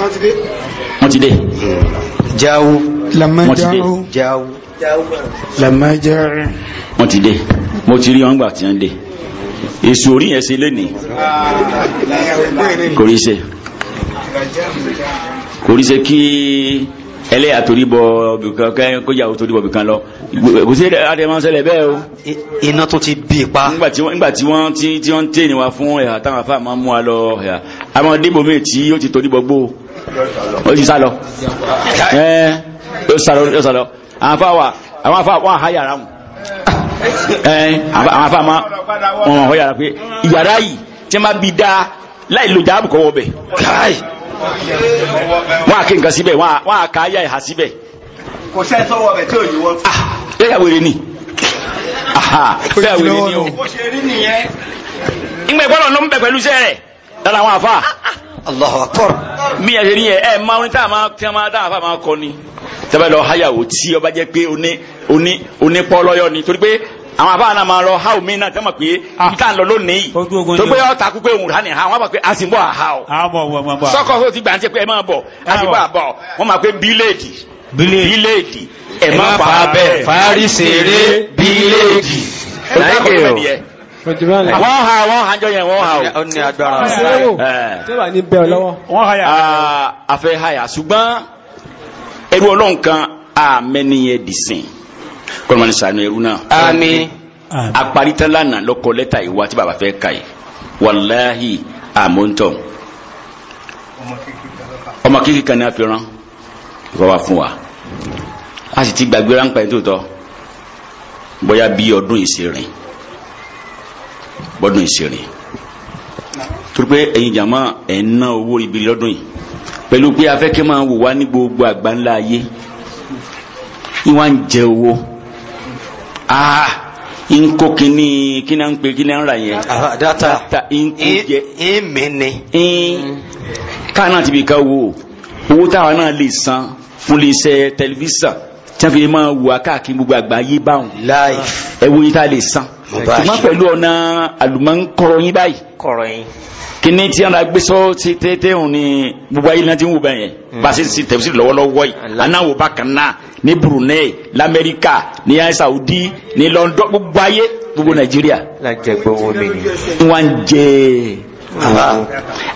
wọ́n ti dé jáwó wọ́n ti dé jáwó wọ́n ti dé mo ti rí wọn gbà tí wọ́n dé èsù orí yẹn ṣe léni kò rí ṣe kò rí ṣe kí ẹlẹ́yà torí bọ bìkan kẹ́ kó yàwó torí bọ bìkan lọ kò sí adẹ́mọ́sẹ́lẹ̀ bẹ́ẹ̀ o. iná tó ti bí pa. nígbà tí wọ́n ti ń tẹ̀ wa fún ẹ̀hà táwọn afá máa ń mú wa lọ ẹ̀hà àmọ́ dìbò tí yóò ti torí bọ gbó ó ti sálọ ẹ ó sálọ ó sálọ àwọn afa wa àwọn afa wọn àhá yàrá wọn ẹ àwọn afa ma wọn àhó yàrá pé yàrá yìí tí wọn bá bi da láì lo jáàbù kọ́ wọ́ bẹ̀ káì wọn àké nǹkan síbẹ̀ wọn àká yà ìhà síbẹ̀. kò sẹ́ sọ́wọ́ bẹ̀ tí ò yíwọ́. Ah, yẹ́yà wèrè ni yẹ́yà wèrè ni o. nígbà ìgbọ́dọ̀ ló ń bẹ̀ pẹ̀lú sẹ́rẹ̀ lára àwọn afa. Allah Akbar mi yà sẹ́ni yẹ ẹ máa ní tá a máa tí a máa dá àfa máa kọ ni sábà lọ háyàwó tí ọba jẹ́ pé oní oní oní pọ́lọ́yọ̀ ni torí pé àwọn àbá náà máa lọ ha omi náà tẹ́ mọ̀ pé n ah. tá lọ lónìí tó pé ọ̀tà kú pé òun rà ní ha wọ́n bá pé a sì ń bọ̀ àhá o sọ́kọ̀ tó ti gbà ń tẹ́ pé ẹ máa bọ̀ a sì bọ̀ àbọ̀ wọ́n máa pé bíléèdì bíléèdì ẹ máa fà bẹ́ẹ̀ fárí ṣeré bíléèdì ẹ̀ wọ́n ha wọ́n ha jọ yẹn wọ́n ha o. ó ní agbára ṣéwò ṣéwà ní bẹ́ẹ̀ lọ́wọ́. wọ́n ha yà. àfẹ́ ha yà ṣùgbọ́n ẹrú ọlọ́run kan àmẹ́niyẹ dìsìn kọ́nmọ́ni sànú ẹrú náà. àmín. aparítán lánàá lọ́kọ lẹ́tà ìwà tí bàbá fẹ́ ka yìí wàláhì àmọ́ntọ́ ọmọ kékeré kan ní àfihàn ìfọwọ́ fún wa a sì ti gbàgbé ráńpẹ́ tó tọ́ bóyá bí ọdún ìsìn bọ́dún ìṣẹ̀rìn torí pé ẹ̀yin jàmá ẹ̀ ń ná owó ibi lọ́dún yìí pẹ̀lú pé afẹ́kẹ́ máa wò wá ní gbogbo àgbáńlá ayé ìwà ń jẹ owó aa ah, n kó kíní kíní à ń pè kíní à ń rà yẹn. Ah, data ìmì ni. káà náà ti bí ká wo owó táwa náà lè san fún iléeṣẹ́ tẹlifíṣàn tí wọ́n fi máa wà káàkiri gbogbo àgbáyé báwọn ẹ wo yín tá a lè san ṣùgbọ́n pẹ̀lú ọ̀nà àlùmọ́ńkọ́rọ̀ yín báyìí kíní tí wọ́n gbé sọ ti tẹ́tẹ́ òun ni gbogbo ayé náà ti ń wò bẹ́ẹ̀ yẹn hmm. bá a ṣe lọ́wọ́lọ́wọ́ yìí anáwó bákan náà ní Brunei lamẹ́ríkà ní Saudi ní London gbogbo ayé gbogbo Nàìjíríà. lájẹ gbowó mi ni. wọ́n jẹ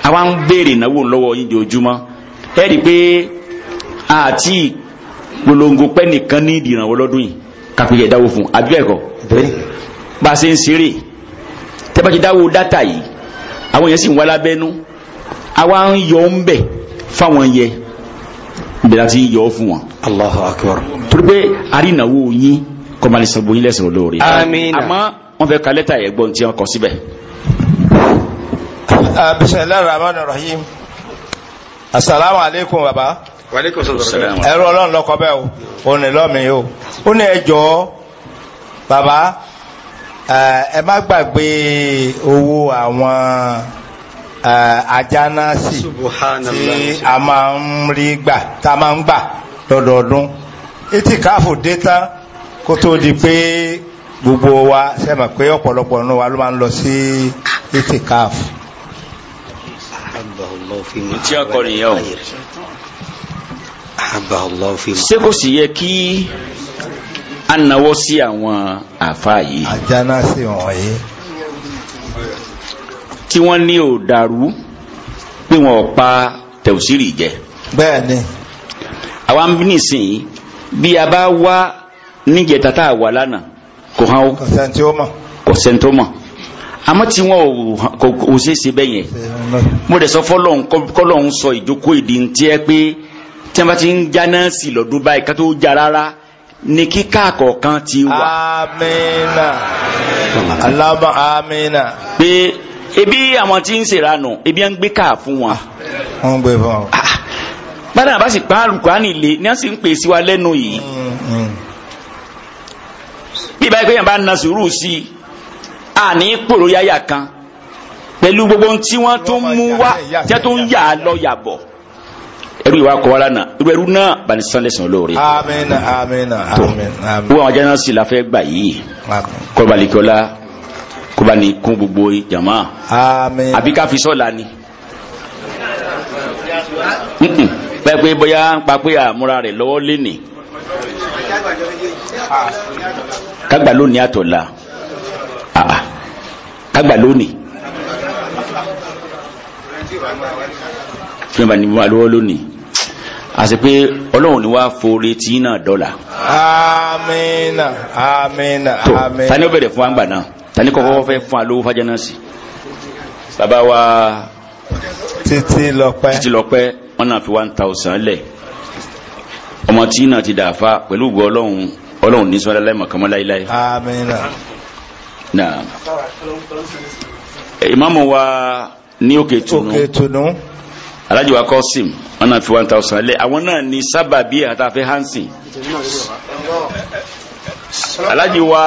àwọn àti lolongo pẹ́ nìkan ní ìdìrànwọ́ lọ́dún yìí kápẹ́ yẹ dáwó fún àbí ẹ̀kọ́ bá a ṣe ń ṣeré tẹ́bà ti dáwó dátà yìí àwọn yẹn sì ń wá lábẹ́nú àwa ń yọ ń bẹ̀ fáwọn yẹ ìbẹ̀rẹ̀ àti yọ ọ́ fún wọn. Allahu akbar. torí pé àrínáwó yín kọ́málẹ́sẹ̀ bóyin lẹ́sìn olóore. amiina àmọ́ wọ́n fẹ́ ka lẹ́tà yẹn gbọ́n tí wọ́n kọ síbẹ̀. Ah, bisimilahi rahman rahim asalaamualeykum baba ẹ̀rọ ọlọ́run lọ́kọ bẹ́ẹ̀ o òun ni lọ́mìn o ó ní ẹjọ́ bàbá ẹ má gbàgbé owó àwọn ajánásì tí a máa ń rí gbà tá a máa ń gbà lọ́dọọdún etí káfù dé tán kó tó di pé gbogbo wa sẹ́mọ̀ pé ọ̀pọ̀lọpọ̀ nínú wa ló máa ń lọ sí etí káfù. tí a kọ o ṣé kò sì yẹ kí a náwó sí àwọn àfáà yìí. àjànà sí wọn yìí. tí pa tẹ̀síìrì jẹ. bẹ́ẹ̀ni. àwa ń bí nísìnyí bí a bá wá níjẹta tá a wà lánàá kò hàn ó. kò sẹ́ńtì ó mọ̀. kò sẹ́ńtì ó mọ̀ àmọ́ tí wọ́n ò ṣeéṣe bẹ́yẹn mo dẹ̀ sọ fọ́lọ́hún sọ ìjókòó ìdí ntí ẹ pé tí wọ́n bá ti ń já náà sí lọ́dún báyìí ká já rárá ni kíkà kọ̀ọ̀kan ti wà. amina alaba amina. pé ebi àwọn tí ń ṣèranù ebi à ń gbé káà fún wọn. Ah, wọ́n gbé fún wọn. bádà ah, ah. bá sì pa àlùkùránì lé ní wọ́n sì ń pè sí wa lẹ́nu yìí. Mm, mm. bí ìbáyìí pé yàn bá na sùúrù sí i àní pòrò yáyà kan pẹ̀lú gbogbo tí wọ́n tún mú wá tí wọ́n tún yà á lọ yàbọ̀ ẹrú ìwà kọ́ wàlánà irú ẹrú náà bani sanlẹ̀ sàn lóore. amina amina amina. tó wọn ajá náà sì la fẹ́ gbà yìí kọ́balikọ́lá kọ́bani gbogbo jama. amina. àbí ká fi ni. báyìí bóyá ń pa àmúra rẹ̀ lọ́wọ́ lénìí. kágbà lónìí àtọ̀la kágbà lónìí. fúnba ni mo alówó lónìí àti pé ọlọ́run ni wá forí tí náà dọ́là. amina amina amina. tani ó bẹ̀rẹ̀ fún wa ń gbà náà tani kọ́kọ́ fẹ́ fún wa lówó sí. bàbá wa. títí lọ́pẹ́. títí lọ́pẹ́ wọn náà fi one thousand lẹ̀ ọmọ tí náà ti dà fa pẹ̀lú ògùn ọlọ́run ọlọ́run ní sọ́dá láì mọ̀kànmọ́ láíláí. amina. na ìmáàmù wa ní òkè tunu. òkè tunu alhaji wa kọ́sìm wọn náà fi one thousand lẹ àwọn náà ní sábà bí àtàfẹ́ hansi alhaji wa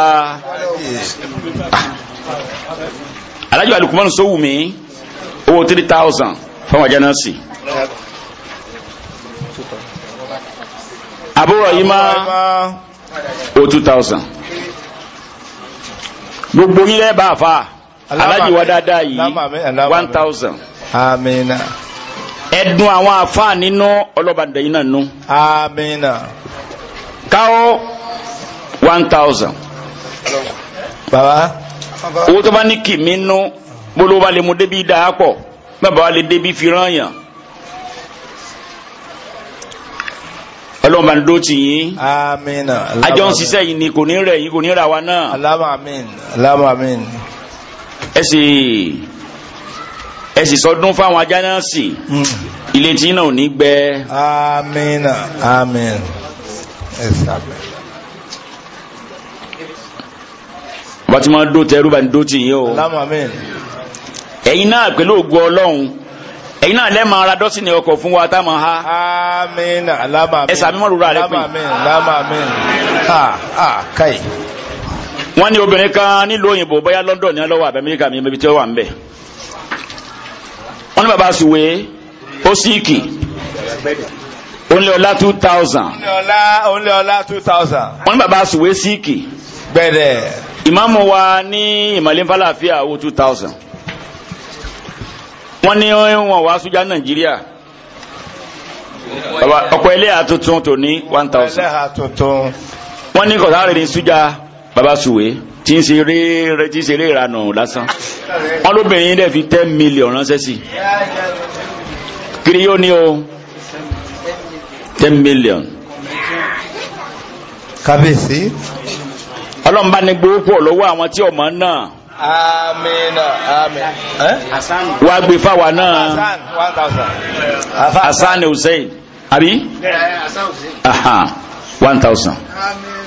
alhaji wa lukumanu mi, owó three thousand fáwọn ajá náà sì. àbúrò yìí máa o two thousand gbogbo yín lẹ́ẹ̀ bá a fa alhaji wa dáadáa yìí one thousand. amiina ẹ̀dùn àwọn àfáà nínú ọlọ́ba dẹ̀yìn náà nù. amina. káwọ́ one thousand. baba. owó tó bá ní kìmí nù bólú wa lè mú débi dáa pọ̀ bàbá wa lè débi fìràn yàn. ọlọ́ba ń dó tì yín. amina. àjọ ń ṣiṣẹ́ ni kò ní rẹ̀ yìí kò ní ra wa náà. alama amin alama amin. ẹ sì ẹ sì sọdún fáwọn ajá náà sì hmm. ilé tí náà ò ní gbẹ. amina amin bá ti máa dó tẹrú bá ń dó tì yín o ẹ̀yin náà pẹ̀lú ògùn ọlọ́run ẹ̀yin náà lẹ́ máa ra dọ́sìnì ọkọ̀ fún wa tá máa ha. Amen. alama amin mi mímọ́ rúra rẹ̀ pè. alama amin ha ha kai. wọ́n ní obìnrin kan nílùú òyìnbó bóyá London ní ọlọ́wọ́ àbẹ̀mẹ́ríkà mi ibi tí ó wà ń bẹ̀ wọ́n ní bàbá sùwé ó síìkì two thousand. Onleola, onleola two thousand. wọ́n ní bàbá sùwé síìkì. gbẹ̀dẹ̀. ìmáàmù wa ní ìmàlẹ́ fàlàfíà owó two thousand. wọ́n ní wọn wá sójà nàìjíríà ọ̀pọ̀ ẹlẹ́yà tuntun tó one thousand. wọ́n ní kọ̀tà rẹ̀ ní sójà bàbá tí ń ṣe eré tí ń ṣe eré ìranù lásán ọlọ́bìnrin dẹ̀ fi ten million ránṣẹ́ sí kiri yóò ní o ten million. kábíyèsí. ọlọ́run bá ní gbowó pọ̀ lọ́wọ́ àwọn tí ọmọ náà. Amina, amina. Wá gbé fáwa náà. Hasan Hussein. Àbí? Hasan Hussein. One thousand. Amen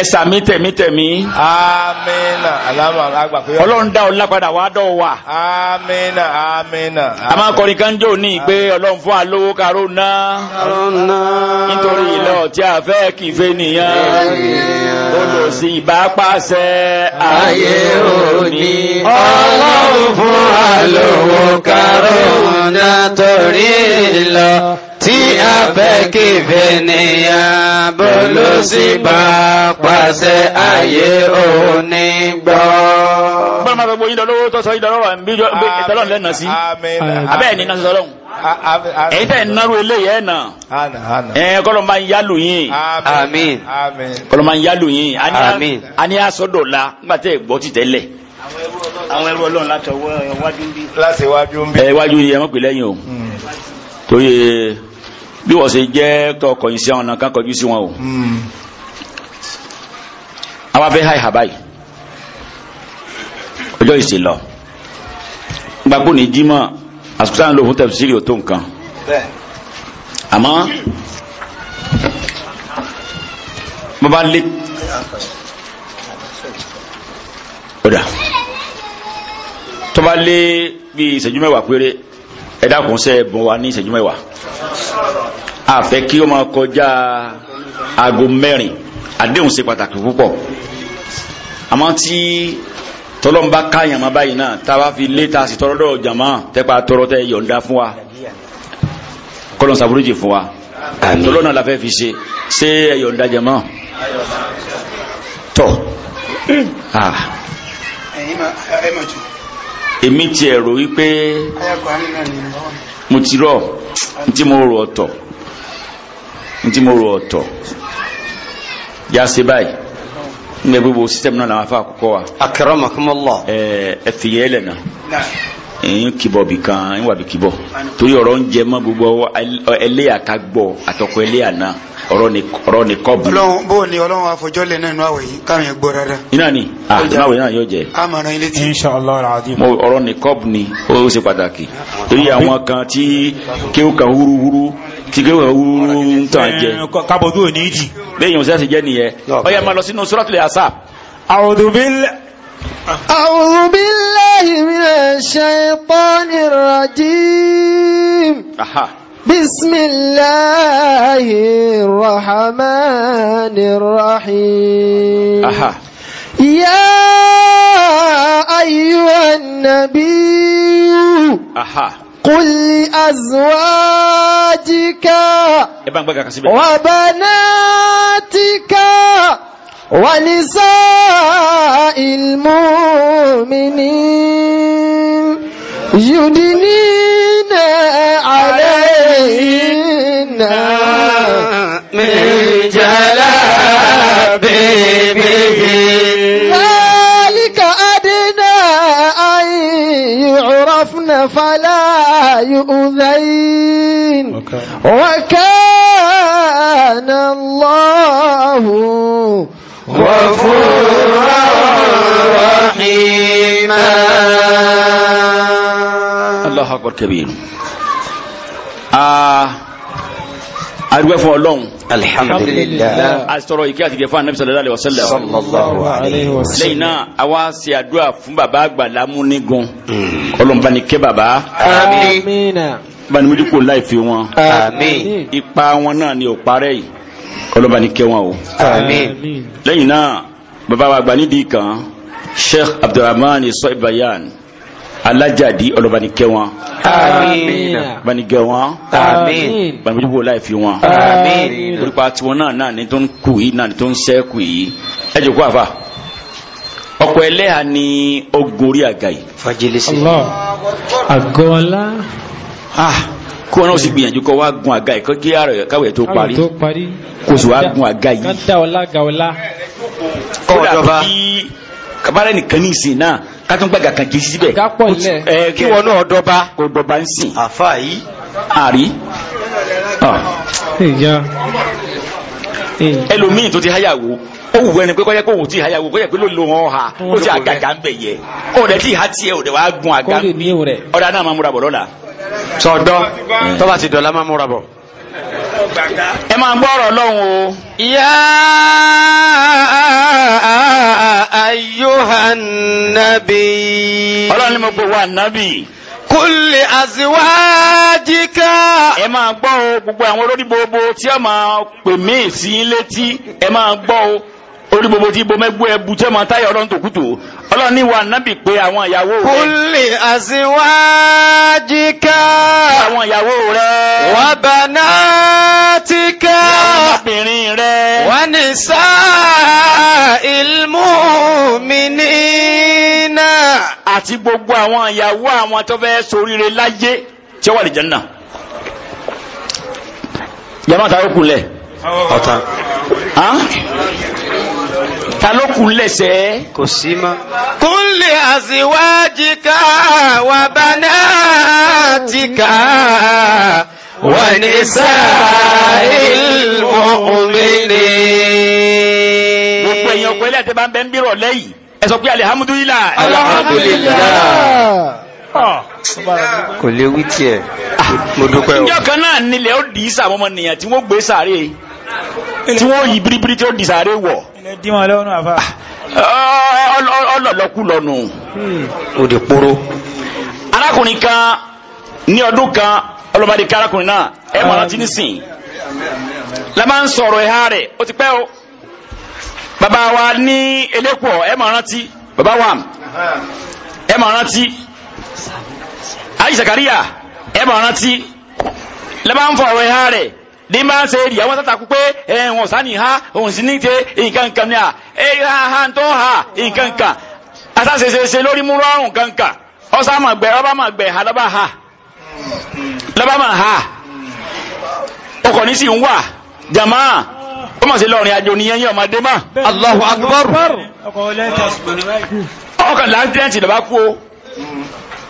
ẹsà mi tẹ̀mí tẹ̀mí. amina alama agba pe. ọlọ́run dá ọ lápadà wá dọ̀ wá. amina amina. a máa kọrin kan jò ní pé ọlọ́run fún alówó karó ná. karó ná. nítorí ìlọ tí a fẹ́ kì í fẹ́ nìyẹn. olùsí bá pàṣẹ. ayé òní. ọlọ́run fún alówó karó ná torí ìlọ tí a fẹ́ kífẹ́ nìyàn bó ló sì bá pàṣẹ ayé òní gbọ́. bọ́n máa fẹ́ gbóyin lọ́wọ́ tó sọ ìdánwò àmì ìtọ́lọ́n lẹ́nà sí abẹ́ ẹ̀ní náà sọ lọ́hùn. èyí tẹ̀ ń náró eléyìí ẹ̀ náà ẹ̀ kọ́lọ́ máa ń yálò yín àmín kọ́lọ́ máa ń yálò yín àmín àní àsọdọ̀la nígbà tẹ́ ẹ̀ gbọ́ ti tẹ́lẹ̀ àwọn ẹrú ọlọ́run láti ọwọ́ iwájú ń bí. láti iwájú ń bí. ẹ iwájú yìí ẹ mọ̀ pé lẹ́yìn o. Hmm tó yẹ bí wọ́n ṣe jẹ́ tó kọ̀yìn sí àwọn náà kán kọjú sí wọn o. àwa hmm. fẹ́ háì hàbáyì ọjọ́ ìsìn lọ gbapò ní jímọ̀ àsùpùtà ń fún tẹ̀síìrì ò tó nǹkan àmọ́ bàbá lé ọ̀dà lé bíi ìṣẹ́jú mẹ́wàá péré ẹ dákun sẹ bọ wa ní ìṣẹ́jú mẹ́wàá a fẹ́ kí o máa kọjá aago mẹ́rin àdéhùn ṣe pàtàkì púpọ̀ àmọ́ tí tọlọmba káyàn má báyìí náà tá a bá fi lé ta sí tọrọ dọrọ tẹpa tọrọ tẹ yọ̀ǹda fún wa kọlọn sàbúrújì fún wa tọlọ náà la fẹ́ fi ṣe ṣé ẹ yọ̀ǹda tọ. ẹ̀yin ma ẹ̀ ma jù. èmi tiẹ̀ rò wípé mo ti rọ̀ ntí mo rò ọ̀tọ̀ ntí mo rò ọ̀tọ̀ yà á ṣe báyìí n bẹ bí wo náà làwọn ń kìbọ̀ bì kan ń wà bì kìbọ̀ torí ọ̀rọ̀ ń jẹ mọ́ gbogbo ẹlẹ́yà ká gbọ́ àtọkọ ẹlẹ́yà náà ọ̀rọ̀ ni kọ́ bu. ọlọ́run bó ni ọlọ́run àfọjọ́lẹ̀ náà nù àwẹ̀ yìí káwọn yẹn gbọ́ rárá. iná ni àtúnáwẹ̀ ah, náà yóò jẹ. a máa ran ilé tí. insha allah alazim. mo ọ̀rọ̀ ni kọ́ bu ni ó ṣe pàtàkì torí àwọn kan tí kéwù kan húruhúru tí kéwù kan húruhúru ń tàn jẹ. Eh, kábọ̀dún ò ní í jì. bẹ́ẹ̀ yẹn أعوذ بالله من الشيطان الرجيم بسم الله الرحمن الرحيم يا أيها النبي قل لأزواجك وبناتك ونساء المؤمنين يدنين علينا من جلابيبهن ذلك أدنى أن يعرفن فلا يؤذين وكان الله غفورا رحيما الله أكبر fún ọlọ́run alhamdulillah asọ̀rọ̀ ìkẹ́ àti ìgẹ̀fún anabi sallallahu alayhi wa sallam sallallahu lẹ́yìn náà àwa ṣe àdúrà fún baba àgbàlá múnigun ọlọ́run bá ní kẹ́ baba àmín bá ní mójúkó láì fi wọn àmín ipa wọn náà ni ò parẹ́ yìí kọlọ́ba ní kẹwọn o. àmín. lẹ́yìn náà bàbá wa gba nídìí kan sheikh abdulrahman sọ́ọ́ bayan alajadi ọlọbani kẹ́ wọn. àmín. bani gẹ wọn. àmín. bani bó la fi wọn. àmín. olùkọ́ àti wọn náà náà ni tó ń kù yìí náà ni tó ń sẹ́ yìí. ẹ jẹ́ kó àfa. ọkọ̀ ẹlẹ́hà ni ó gorí àga yìí. fagilisi. Allah. àgọ́lá. ah kó wọn sì gbìyànjú kó wá gun àga yìí kí ara káwé tó parí kó sì wá gun àga yìí. kódà bí kabara nìkan ní ìsìn náà ká tún gbàgà kan kì í síbẹ̀ kí wọn náà dọ́ba kó dọ́ba ń sìn. àfa yìí. àrí. ẹlòmíì tó ti háyàwó ó wù ẹni pé kọ́yẹ́ kó wò tí ìhàyàwó kọ́yẹ́ pé ló lo wọn ha ó ti àgàgà ń bẹ̀ ọ̀rẹ́ tí ìhà tiẹ̀ ọ̀rẹ́ wàá gun àgàgbé ọ̀rẹ́ náà máa múra bọ̀ lọ́la. Sọdọ, tó bá ti dọ̀lá máa múra bọ̀ ẹ máa lọ́hùn o yá ayyuhannabi ọlọ́run ni mo gbọ́ wà ẹ máa gbọ́ o gbogbo àwọn olórí gbogbo tí a máa pè mí o orí gbogbo tí bomẹ gbé ẹbu tẹ mọ táyà ọlọ́run tó kùtù ọlọ́run ní wa nábì pé àwọn ìyàwó rẹ. kulli azwajika. àwọn ìyàwó rẹ. wa banatika. ọmọbìnrin rẹ. wa nisa'il mu'minina. àti gbogbo àwọn ìyàwó àwọn tó fẹ́ soríire láyé tí ó wà lè jẹ́ nà. yàrá àtàwọn kù lẹ̀ ọ̀tàn ta ló kù lẹ́sẹ̀ kò sí mọ́ kulli azwajika wa banatika wa nisa'il mu'minin gbogbo èèyàn pẹ̀lú ẹ̀tẹ́ bá ń bẹ́ ń bírọ̀ lẹ́yìn ẹ sọ pé alihamudulila alihamudulila ah. kò lè wí tiẹ̀ ah. mo dúpẹ́ o. ìjọ kan náà nílẹ̀ ó dì í sàmọ́mọ́ nìyàn tí wọ́n gbé sàárè tí wọ́n yí biribiri tí ah, hmm. ó di sáré wọ̀. ọlọ́lọ́kù lọ́nu òde kporo. arákùnrin kan ní ọdún kan ọlọ́mọdé kan arákùnrin náà ẹ̀ mọ̀ láti nísìn lẹ́mọ̀ ń sọ̀rọ̀ ẹ̀há rẹ̀ ó ti pẹ́ o bàbá wa ní elépo ẹ̀ mọ̀ rántí bàbá wa ẹ̀ mọ̀ rántí ayi Zakariya ẹ̀ mọ̀ rántí lẹ́mọ̀ fọ̀rọ̀ ẹ̀há rẹ̀ ní máa ń ṣe èrì àwọn tàtàkù pé ẹ̀wọ̀n sani ha òun sì ní tẹ nkankan ni à ẹ̀ ha ha tó ha nkankan asáṣeṣeṣe lórí múlò àrùn kankan ọ̀sá máa gbẹ ọba máa gbẹ ha lọ́ba ha lọ́ba máa ha ọkọ̀ ní sì ń wà jàmá ó mà sí lọ́rin àjò nìyẹn yẹn ọmọdé mà Allahu Akbar ọkọ̀ lẹ́tà lọ́ba kú o.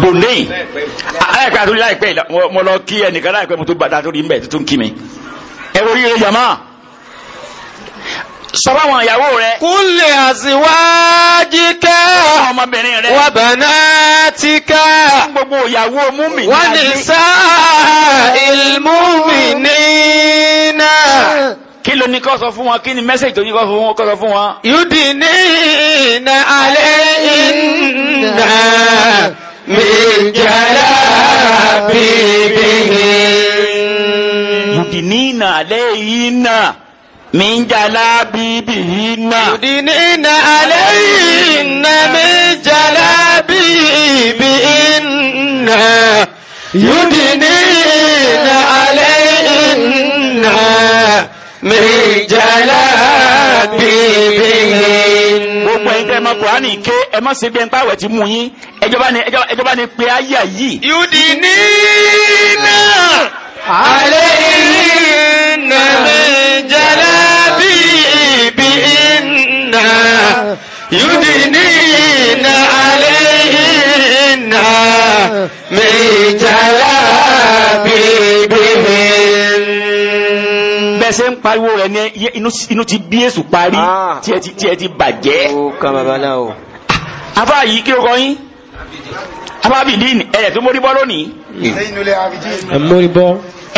bòndéyìn láìpẹ́ àtúndì láìpẹ́ mo lọ kí ẹnìkan láìpẹ́ mo tó di mbẹ́ tó tún kí wo oríire jama sọ fáwọn ìyàwó rẹ. kúnlẹ̀ àsìwájú kẹ́. wọ́n ọmọbìnrin rẹ. wọ́n bẹ̀rẹ̀ ti kẹ́. fún gbogbo ìyàwó múmi. wọ́n ní sá ìlmúmi nínà. kí ló ní kọ́ sọ fún wọn kí ni mẹ́sẹ̀jì tó ní kọ́ sọ fún wọn. yúdì ní ìnà alẹ́ من جلابيبهن يدنين عليهن من جلابيبهن يدنين عليهن من جلابيبهن يدنين عليهن من جلابيبهن gbogbo ẹ̀yin tẹ́ ẹ mọ kùránì ké ẹ mọ sí bẹ́ẹ̀ ń pàwẹ̀ tí mú yín ẹjọba ni ẹjọba ni pé ayé yìí. yudi nina aleyhin min jalabibihinna yudi nina aleyhinna min jalabibihinna bẹ́ẹ̀ ṣe ń pariwo rẹ̀ ní inú ti bí èsù parí ah. tí ẹ ti bàjẹ́. afa yìí kí o kọ yín afa bìdín ẹ̀yẹ̀ tó mórí bọ́ lónìí. mórí bọ́.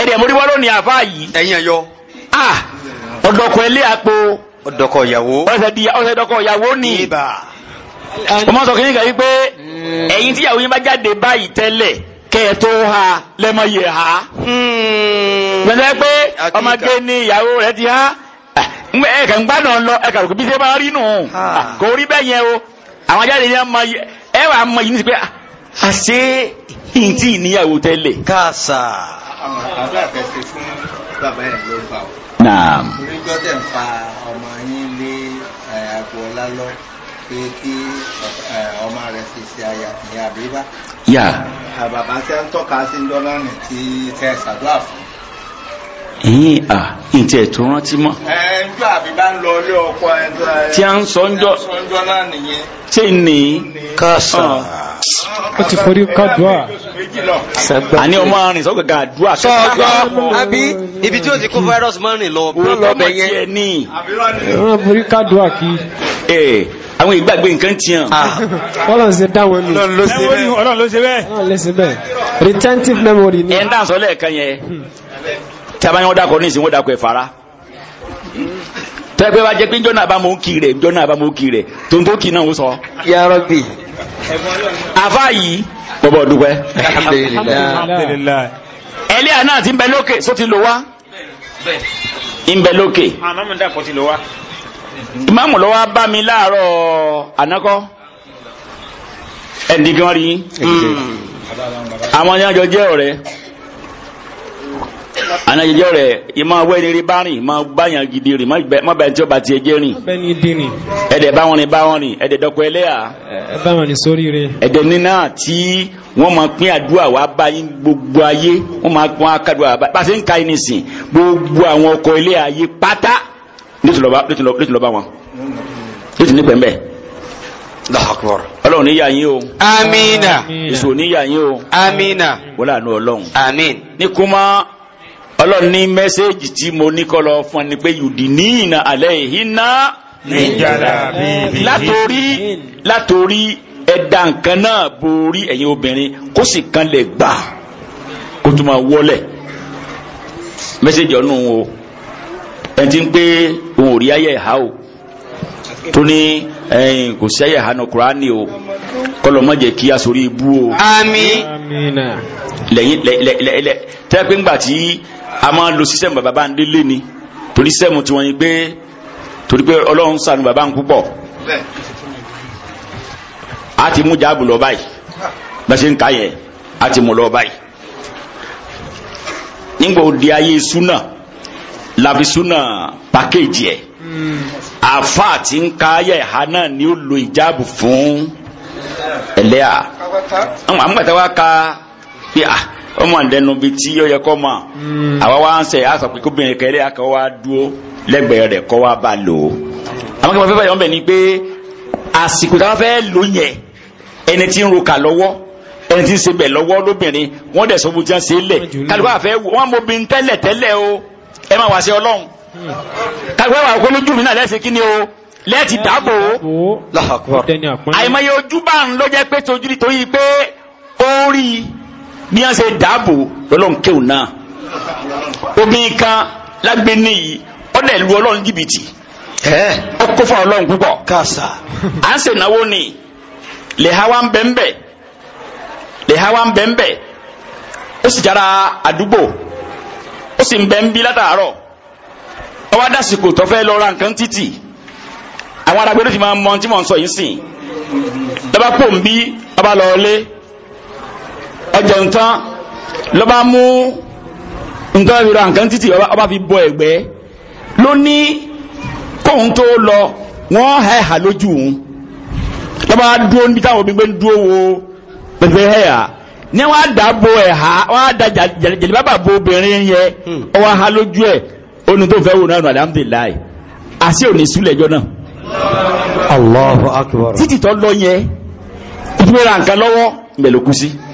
ẹ̀yẹ̀ mórí bọ́ lónìí afa yìí. ẹ̀yin ẹ̀yọ. Ah, ọ̀dọ̀kọ̀ ilé àpò. ọ̀dọ̀kọ̀ ìyàwó. ọ̀sẹ̀dọ̀kọ̀ ìyàwó ni. ọmọ sọ kí ni kàwé pé mm. ẹ̀yin tíyàwó yín bá jáde báyìí tẹ́lẹ̀ kẹ́ ha lẹ́mọ̀ yẹ ha. pẹ̀lẹ́ hmm. pé ọmọge ni ìyàwó rẹ̀ ti ha ẹ kàn gbá náà lọ ẹ kàn kò bí ṣe máa rí nù kò rí bẹ́ẹ̀ yẹn o àwọn ajáde yẹn mọ ẹ wà á mọ yìí ní ti pé àṣé ìntì ìníyàwó tẹ́lẹ̀. káàsà. àwọn àgbà tẹ ṣe fún bàbá ẹ ló bá o. naam. orí gbọ́dọ̀ ń fa ọmọ yín lé àgọ́ ọlá lọ pé kí ọmọ rẹ̀ fi ṣe aya ìyá àbíbá. yà. bàbá tí a ń tọ́ka sí ń dọ́là nì tí tẹ ṣàdúrà fún ẹ̀yìn à ìtẹ̀ tó rántí mọ́. ẹ̀ẹ́dùn àbí bá ń lọ ilé ọkọ ẹ̀ tí a ń sọ ń jọ tí ní kásán. Ah. ó ti forí kádùá. àní ọmọ arìn sọ́kọ̀ gà àdúrà. sọ́ọ̀gbọ́ àbí ibi tí ó ti kó fáírọ́ọ̀sì máa ń rìn lọ bó lọ́bẹ̀ yẹn. ó forí kádùá kí àwọn ìgbàgbé nǹkan ti hàn. ọlọ́run ṣe dáwọn nù. ọlọ́run ló ṣe bẹ́ẹ̀. ọlọ́run ló ṣe bẹ́ẹ̀. retentive memory ni. ẹ̀ ń dà sọ́lẹ̀ kan yẹn. Hmm tí a bá ní wọ́n dákọ̀ ní ìsìn wọ́n dákọ̀ ẹ̀fara tẹ́gbẹ́ bá jẹ́ pé njọ́ náà bá kiri rẹ̀ njọ́ náà bá kiri rẹ̀ tó kì náà ó sọ. Ya Rabbi. àfa yìí bọ́bọ̀ dúpẹ́. Alhamdulillah. ẹlẹ́yà náà ti ń bẹ lókè só ti lò wá ń bẹ lókè. ìmáàmù lọ́wọ́ bá mi láàárọ̀ ànákọ́ ẹ̀ǹdí gan rí hmm. àwọn ajájọ jẹ́ ọ̀rẹ́ anajijọ rẹ ima wẹrẹrẹ bari ma bayan gidi ri ma bẹn tí o ba tiẹ jẹrin ẹdẹ báwọn ni báwọn ni ẹdẹ dọkọ ẹlẹya ẹdẹ nínà tí wọn ma pín àdúrà wa báyìí gbogbo ayé wọn ma pín akadúrà wa pàṣẹ nǹka yìí nìsín gbogbo àwọn ọkọ ẹlẹya yìí pátá létí lọ bá wọn létí ní pẹ̀mbẹ́ ọlọ́run níyà yín o. amina. èso níyà yín o. amina. wọ́n lànà ọlọ́run. amin. ní kó ọlọ́run ní mẹ́sẹ́ẹ̀jì tí mo ní kọ́ lọ fún ẹni pé yudinina alayhinna látòrí látòrí ẹ̀dá nǹkan náà borí ẹ̀yin obìnrin kó sì kan lè gbà kó tó máa wọlé mẹ́sẹ́ẹ̀jì ọ̀nù o ẹni tí ń pé òun ò rí ayé ẹ̀há o tó ní ẹ̀yìn kò sí ayé ẹ̀há náà Kùránì o kọlọ má jẹ́ kí a ibú o. àmín. lẹ́yìn lẹ́yìn lẹ́yìn tẹ́pẹ́ ńgbà tí a máa lo sísẹ́mù bàbá ń délé ni torí sẹ́mù tí wọ́n yin pé torí pé ọlọ́run ṣàánú bàbá ń púpọ̀ a ti mú jáàbù lọ báyìí bá ṣe ń ka yẹn a ti mú lọ báyìí nígbà òde ayé súnà làfi súnà pàkéjì ẹ̀ àfa àti ń ka ayé ẹ̀ha náà ni ó lo ìjáàbù fún ẹlẹ́à àwọn àmúgbàtà wa ka pé ah ó mà lẹ́nu bi tí ó yẹ kọ́ mà hmm. àwa wá ń sẹ̀ á sọ pé kóbìnrin kẹlẹ́ akọ́ wa dúró lẹ́gbẹ̀ẹ́ rẹ̀ kọ́ wa bá lò ó àwọn kẹfà fẹ́fà yọ̀ ń bẹ̀ ni pé àsìkò táwọn fẹ́ lò yẹn ẹni tí ń roka lọ́wọ́ ẹni tí ń ṣe bẹ̀ lọ́wọ́ lóbìnrin wọ́n dẹ̀ sọ bó ti ń lẹ̀ kálukú àfẹ́ wọn mọ bí tẹ́lẹ̀ tẹ́lẹ̀ o ẹ má wá sí ọlọ́run hmm. kálukú àwọn akọ́lójú mi náà lẹ́sìn kí ni o lẹ́ẹ̀tì dáàbò àìmọye ojú bá ń lọ jẹ́ pé tojú nítorí pé ó bí se ṣe dààbò lọ́lọ́run kéwù náà kan lágbé níyì ọ̀dẹ̀ lu ọlọ́run jìbìtì ó kó fún ọlọ́run púpọ̀ à ń ni lèha ń bẹ́ńbẹ́ lèha ń bẹ́ńbẹ́ ó sì jára àdúgbò ó sì ń bẹ́ ń bí látàárọ̀ lọ nǹkan títì àwọn arágbé ti máa mọ tí mò ọjọ ntán lọ́ba mú ntán fi nǹkan títì ọba fi bọ ẹgbẹ ló ní kóun tó lọ wọ́n hẹ́ lójú òun lọ́ba dúró níbi táwọn gbígbé ń dúró wo pẹ̀lú hẹ́ ní wọ́n bo bo obìnrin yẹ ha hmm. lójú onu tó wò náà nù alhamdulilayi òní náà. lọ yẹ ìdúró ra nǹkan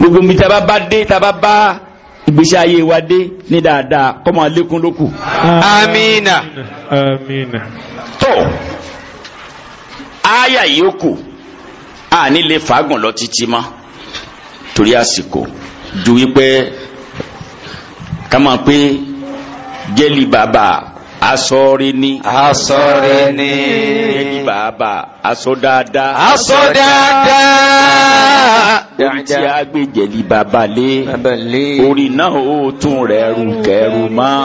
gbogbo mi taba ba dé taba ba ìgbésí ayé wa dé ní dáadáa kọ́mọ alẹ́kùn ló kù. amina. amina. tó aya yòókù a nílé fagùn lọ títí mọ́ torí àsìkò ju wípé ká máa pé jẹ́lì bàbá asọ́rí ni, asọ́rí ni. yéèkì bàbà aṣọ dáadáa. aṣọ dáadáa. orí tí a gbé jẹ̀lí bàbá lé. bàbá lé. orí náà ó tún rẹ̀ rù kẹrù mọ́.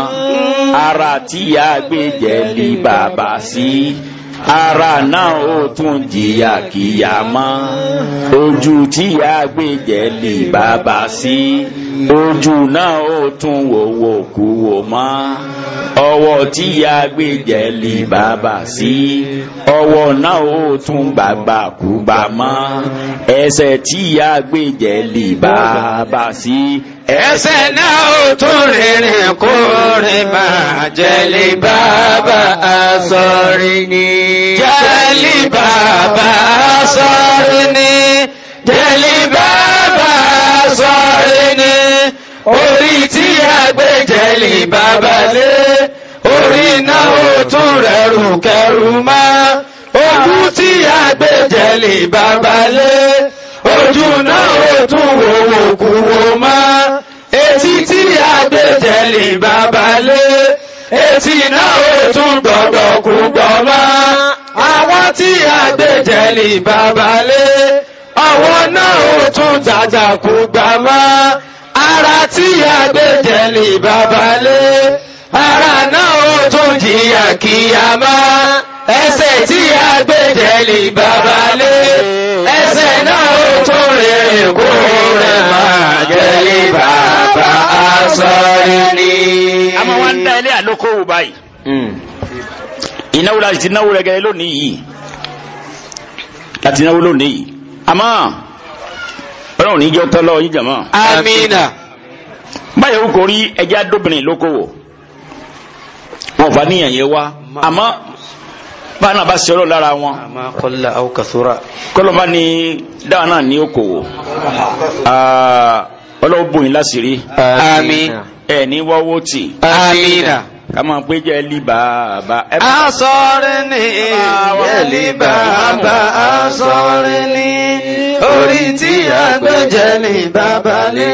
ara tí a gbé jẹ̀lí bàbá sí. Si ara náà ó tún jìyà kìyà mọ́ ojú tíyà gbèjẹ́ lè bàbá sí ojú náà ó tún wòwò kú wò mọ́ ọwọ́ tíyà gbèjẹ́ lè bàbá sí ọwọ́ náà ó tún bàbá kú bà mọ́ ẹsẹ̀ tíyà gbèjẹ́ lè bàbá sí ẹsẹ̀ náà ó tún rìnrìn kó rìn máa jẹ́lì bàbá asọ́rí ni. jẹ́lì bàbá asọ́rí ni. jẹ́lì bàbá asọ́rí ni. orí tí a gbé jẹ́lì bàbá lé orí náà ó tún rẹ̀rù kẹrù mọ́. ojú tí a gbé jẹ́lì bàbá lé ojú náà ò tún wò wò kú wò mọ́ etí tí àgbẹ̀jẹ̀lì bàbá lé etí náà ò tún gbọ̀dọ̀ kú gbọ̀ mọ́ àwọn tí àgbẹ̀jẹ̀lì bàbá lé ọwọ́ náà ò tún jàjà kú gbà mọ́ ara tí àgbẹ̀jẹ̀lì bàbá lé ara náà ò tún jìyà kíyà mọ́ ẹsẹ̀ tí a gbé tẹ̀lé bàbá lé ẹsẹ̀ náà ó tó rẹ̀ kó rẹ̀ máa tẹ̀lé bàbá asọ́rí ni. a máa wá ń dá ilé àlókòwò báyìí hmm. ìnáwó láti ti náwó rẹ̀ gẹ́gẹ́ lónìí yìí láti náwó lónìí yìí àmọ́ ọlọ́run ní jẹ́ ọtọ́ yín jàmọ́. amina. báyọ̀ kò rí ẹja dóbìnrin lókòwò wọn ò bá níyàn yẹn àmọ́ báwọn náà bá ṣe ọlọ́run lára wọn. kọ́lá aw kasura. kọ́lọ́ bá ní dáhùn náà ní okòwò ah, ọlọ́wọ́ bòyìn láṣìírí. àmín. ẹ ní wọ́wọ́ tì. àmín na kama pe jẹ li baba. asọrin ni jẹ li baba asọrin ni orí tí a gbé jẹ baba ni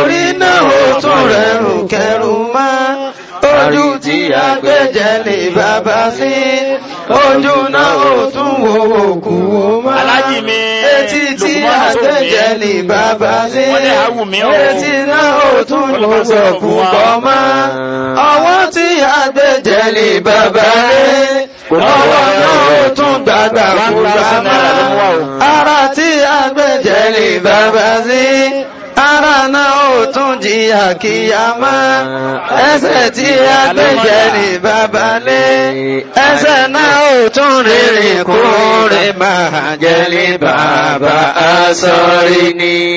orí náà ó tún rẹrùn kẹrù máa ojú tí agbẹ́jẹ́ lè bàbá sí ojú náà ó tún wo òkú wo máa etí tí agbẹ́jẹ́ lè bàbá sí etí náà ó tún wo òkú bọ́ máa ọwọ́ tí agbẹ́jẹ́ lè bàbá rí ọwọ́ náà ó tún gbàgbà kú bá máa ara tí agbẹ́jẹ́ lè bàbá sí káná ó tún jìyà kíyàmá ẹsẹ̀ tí a gbẹ̀jẹ̀ ní babalé ẹsẹ̀ náà ó tún rìnrìn kúrin máa jẹ́ ní bàbá àsọ̀rí ni.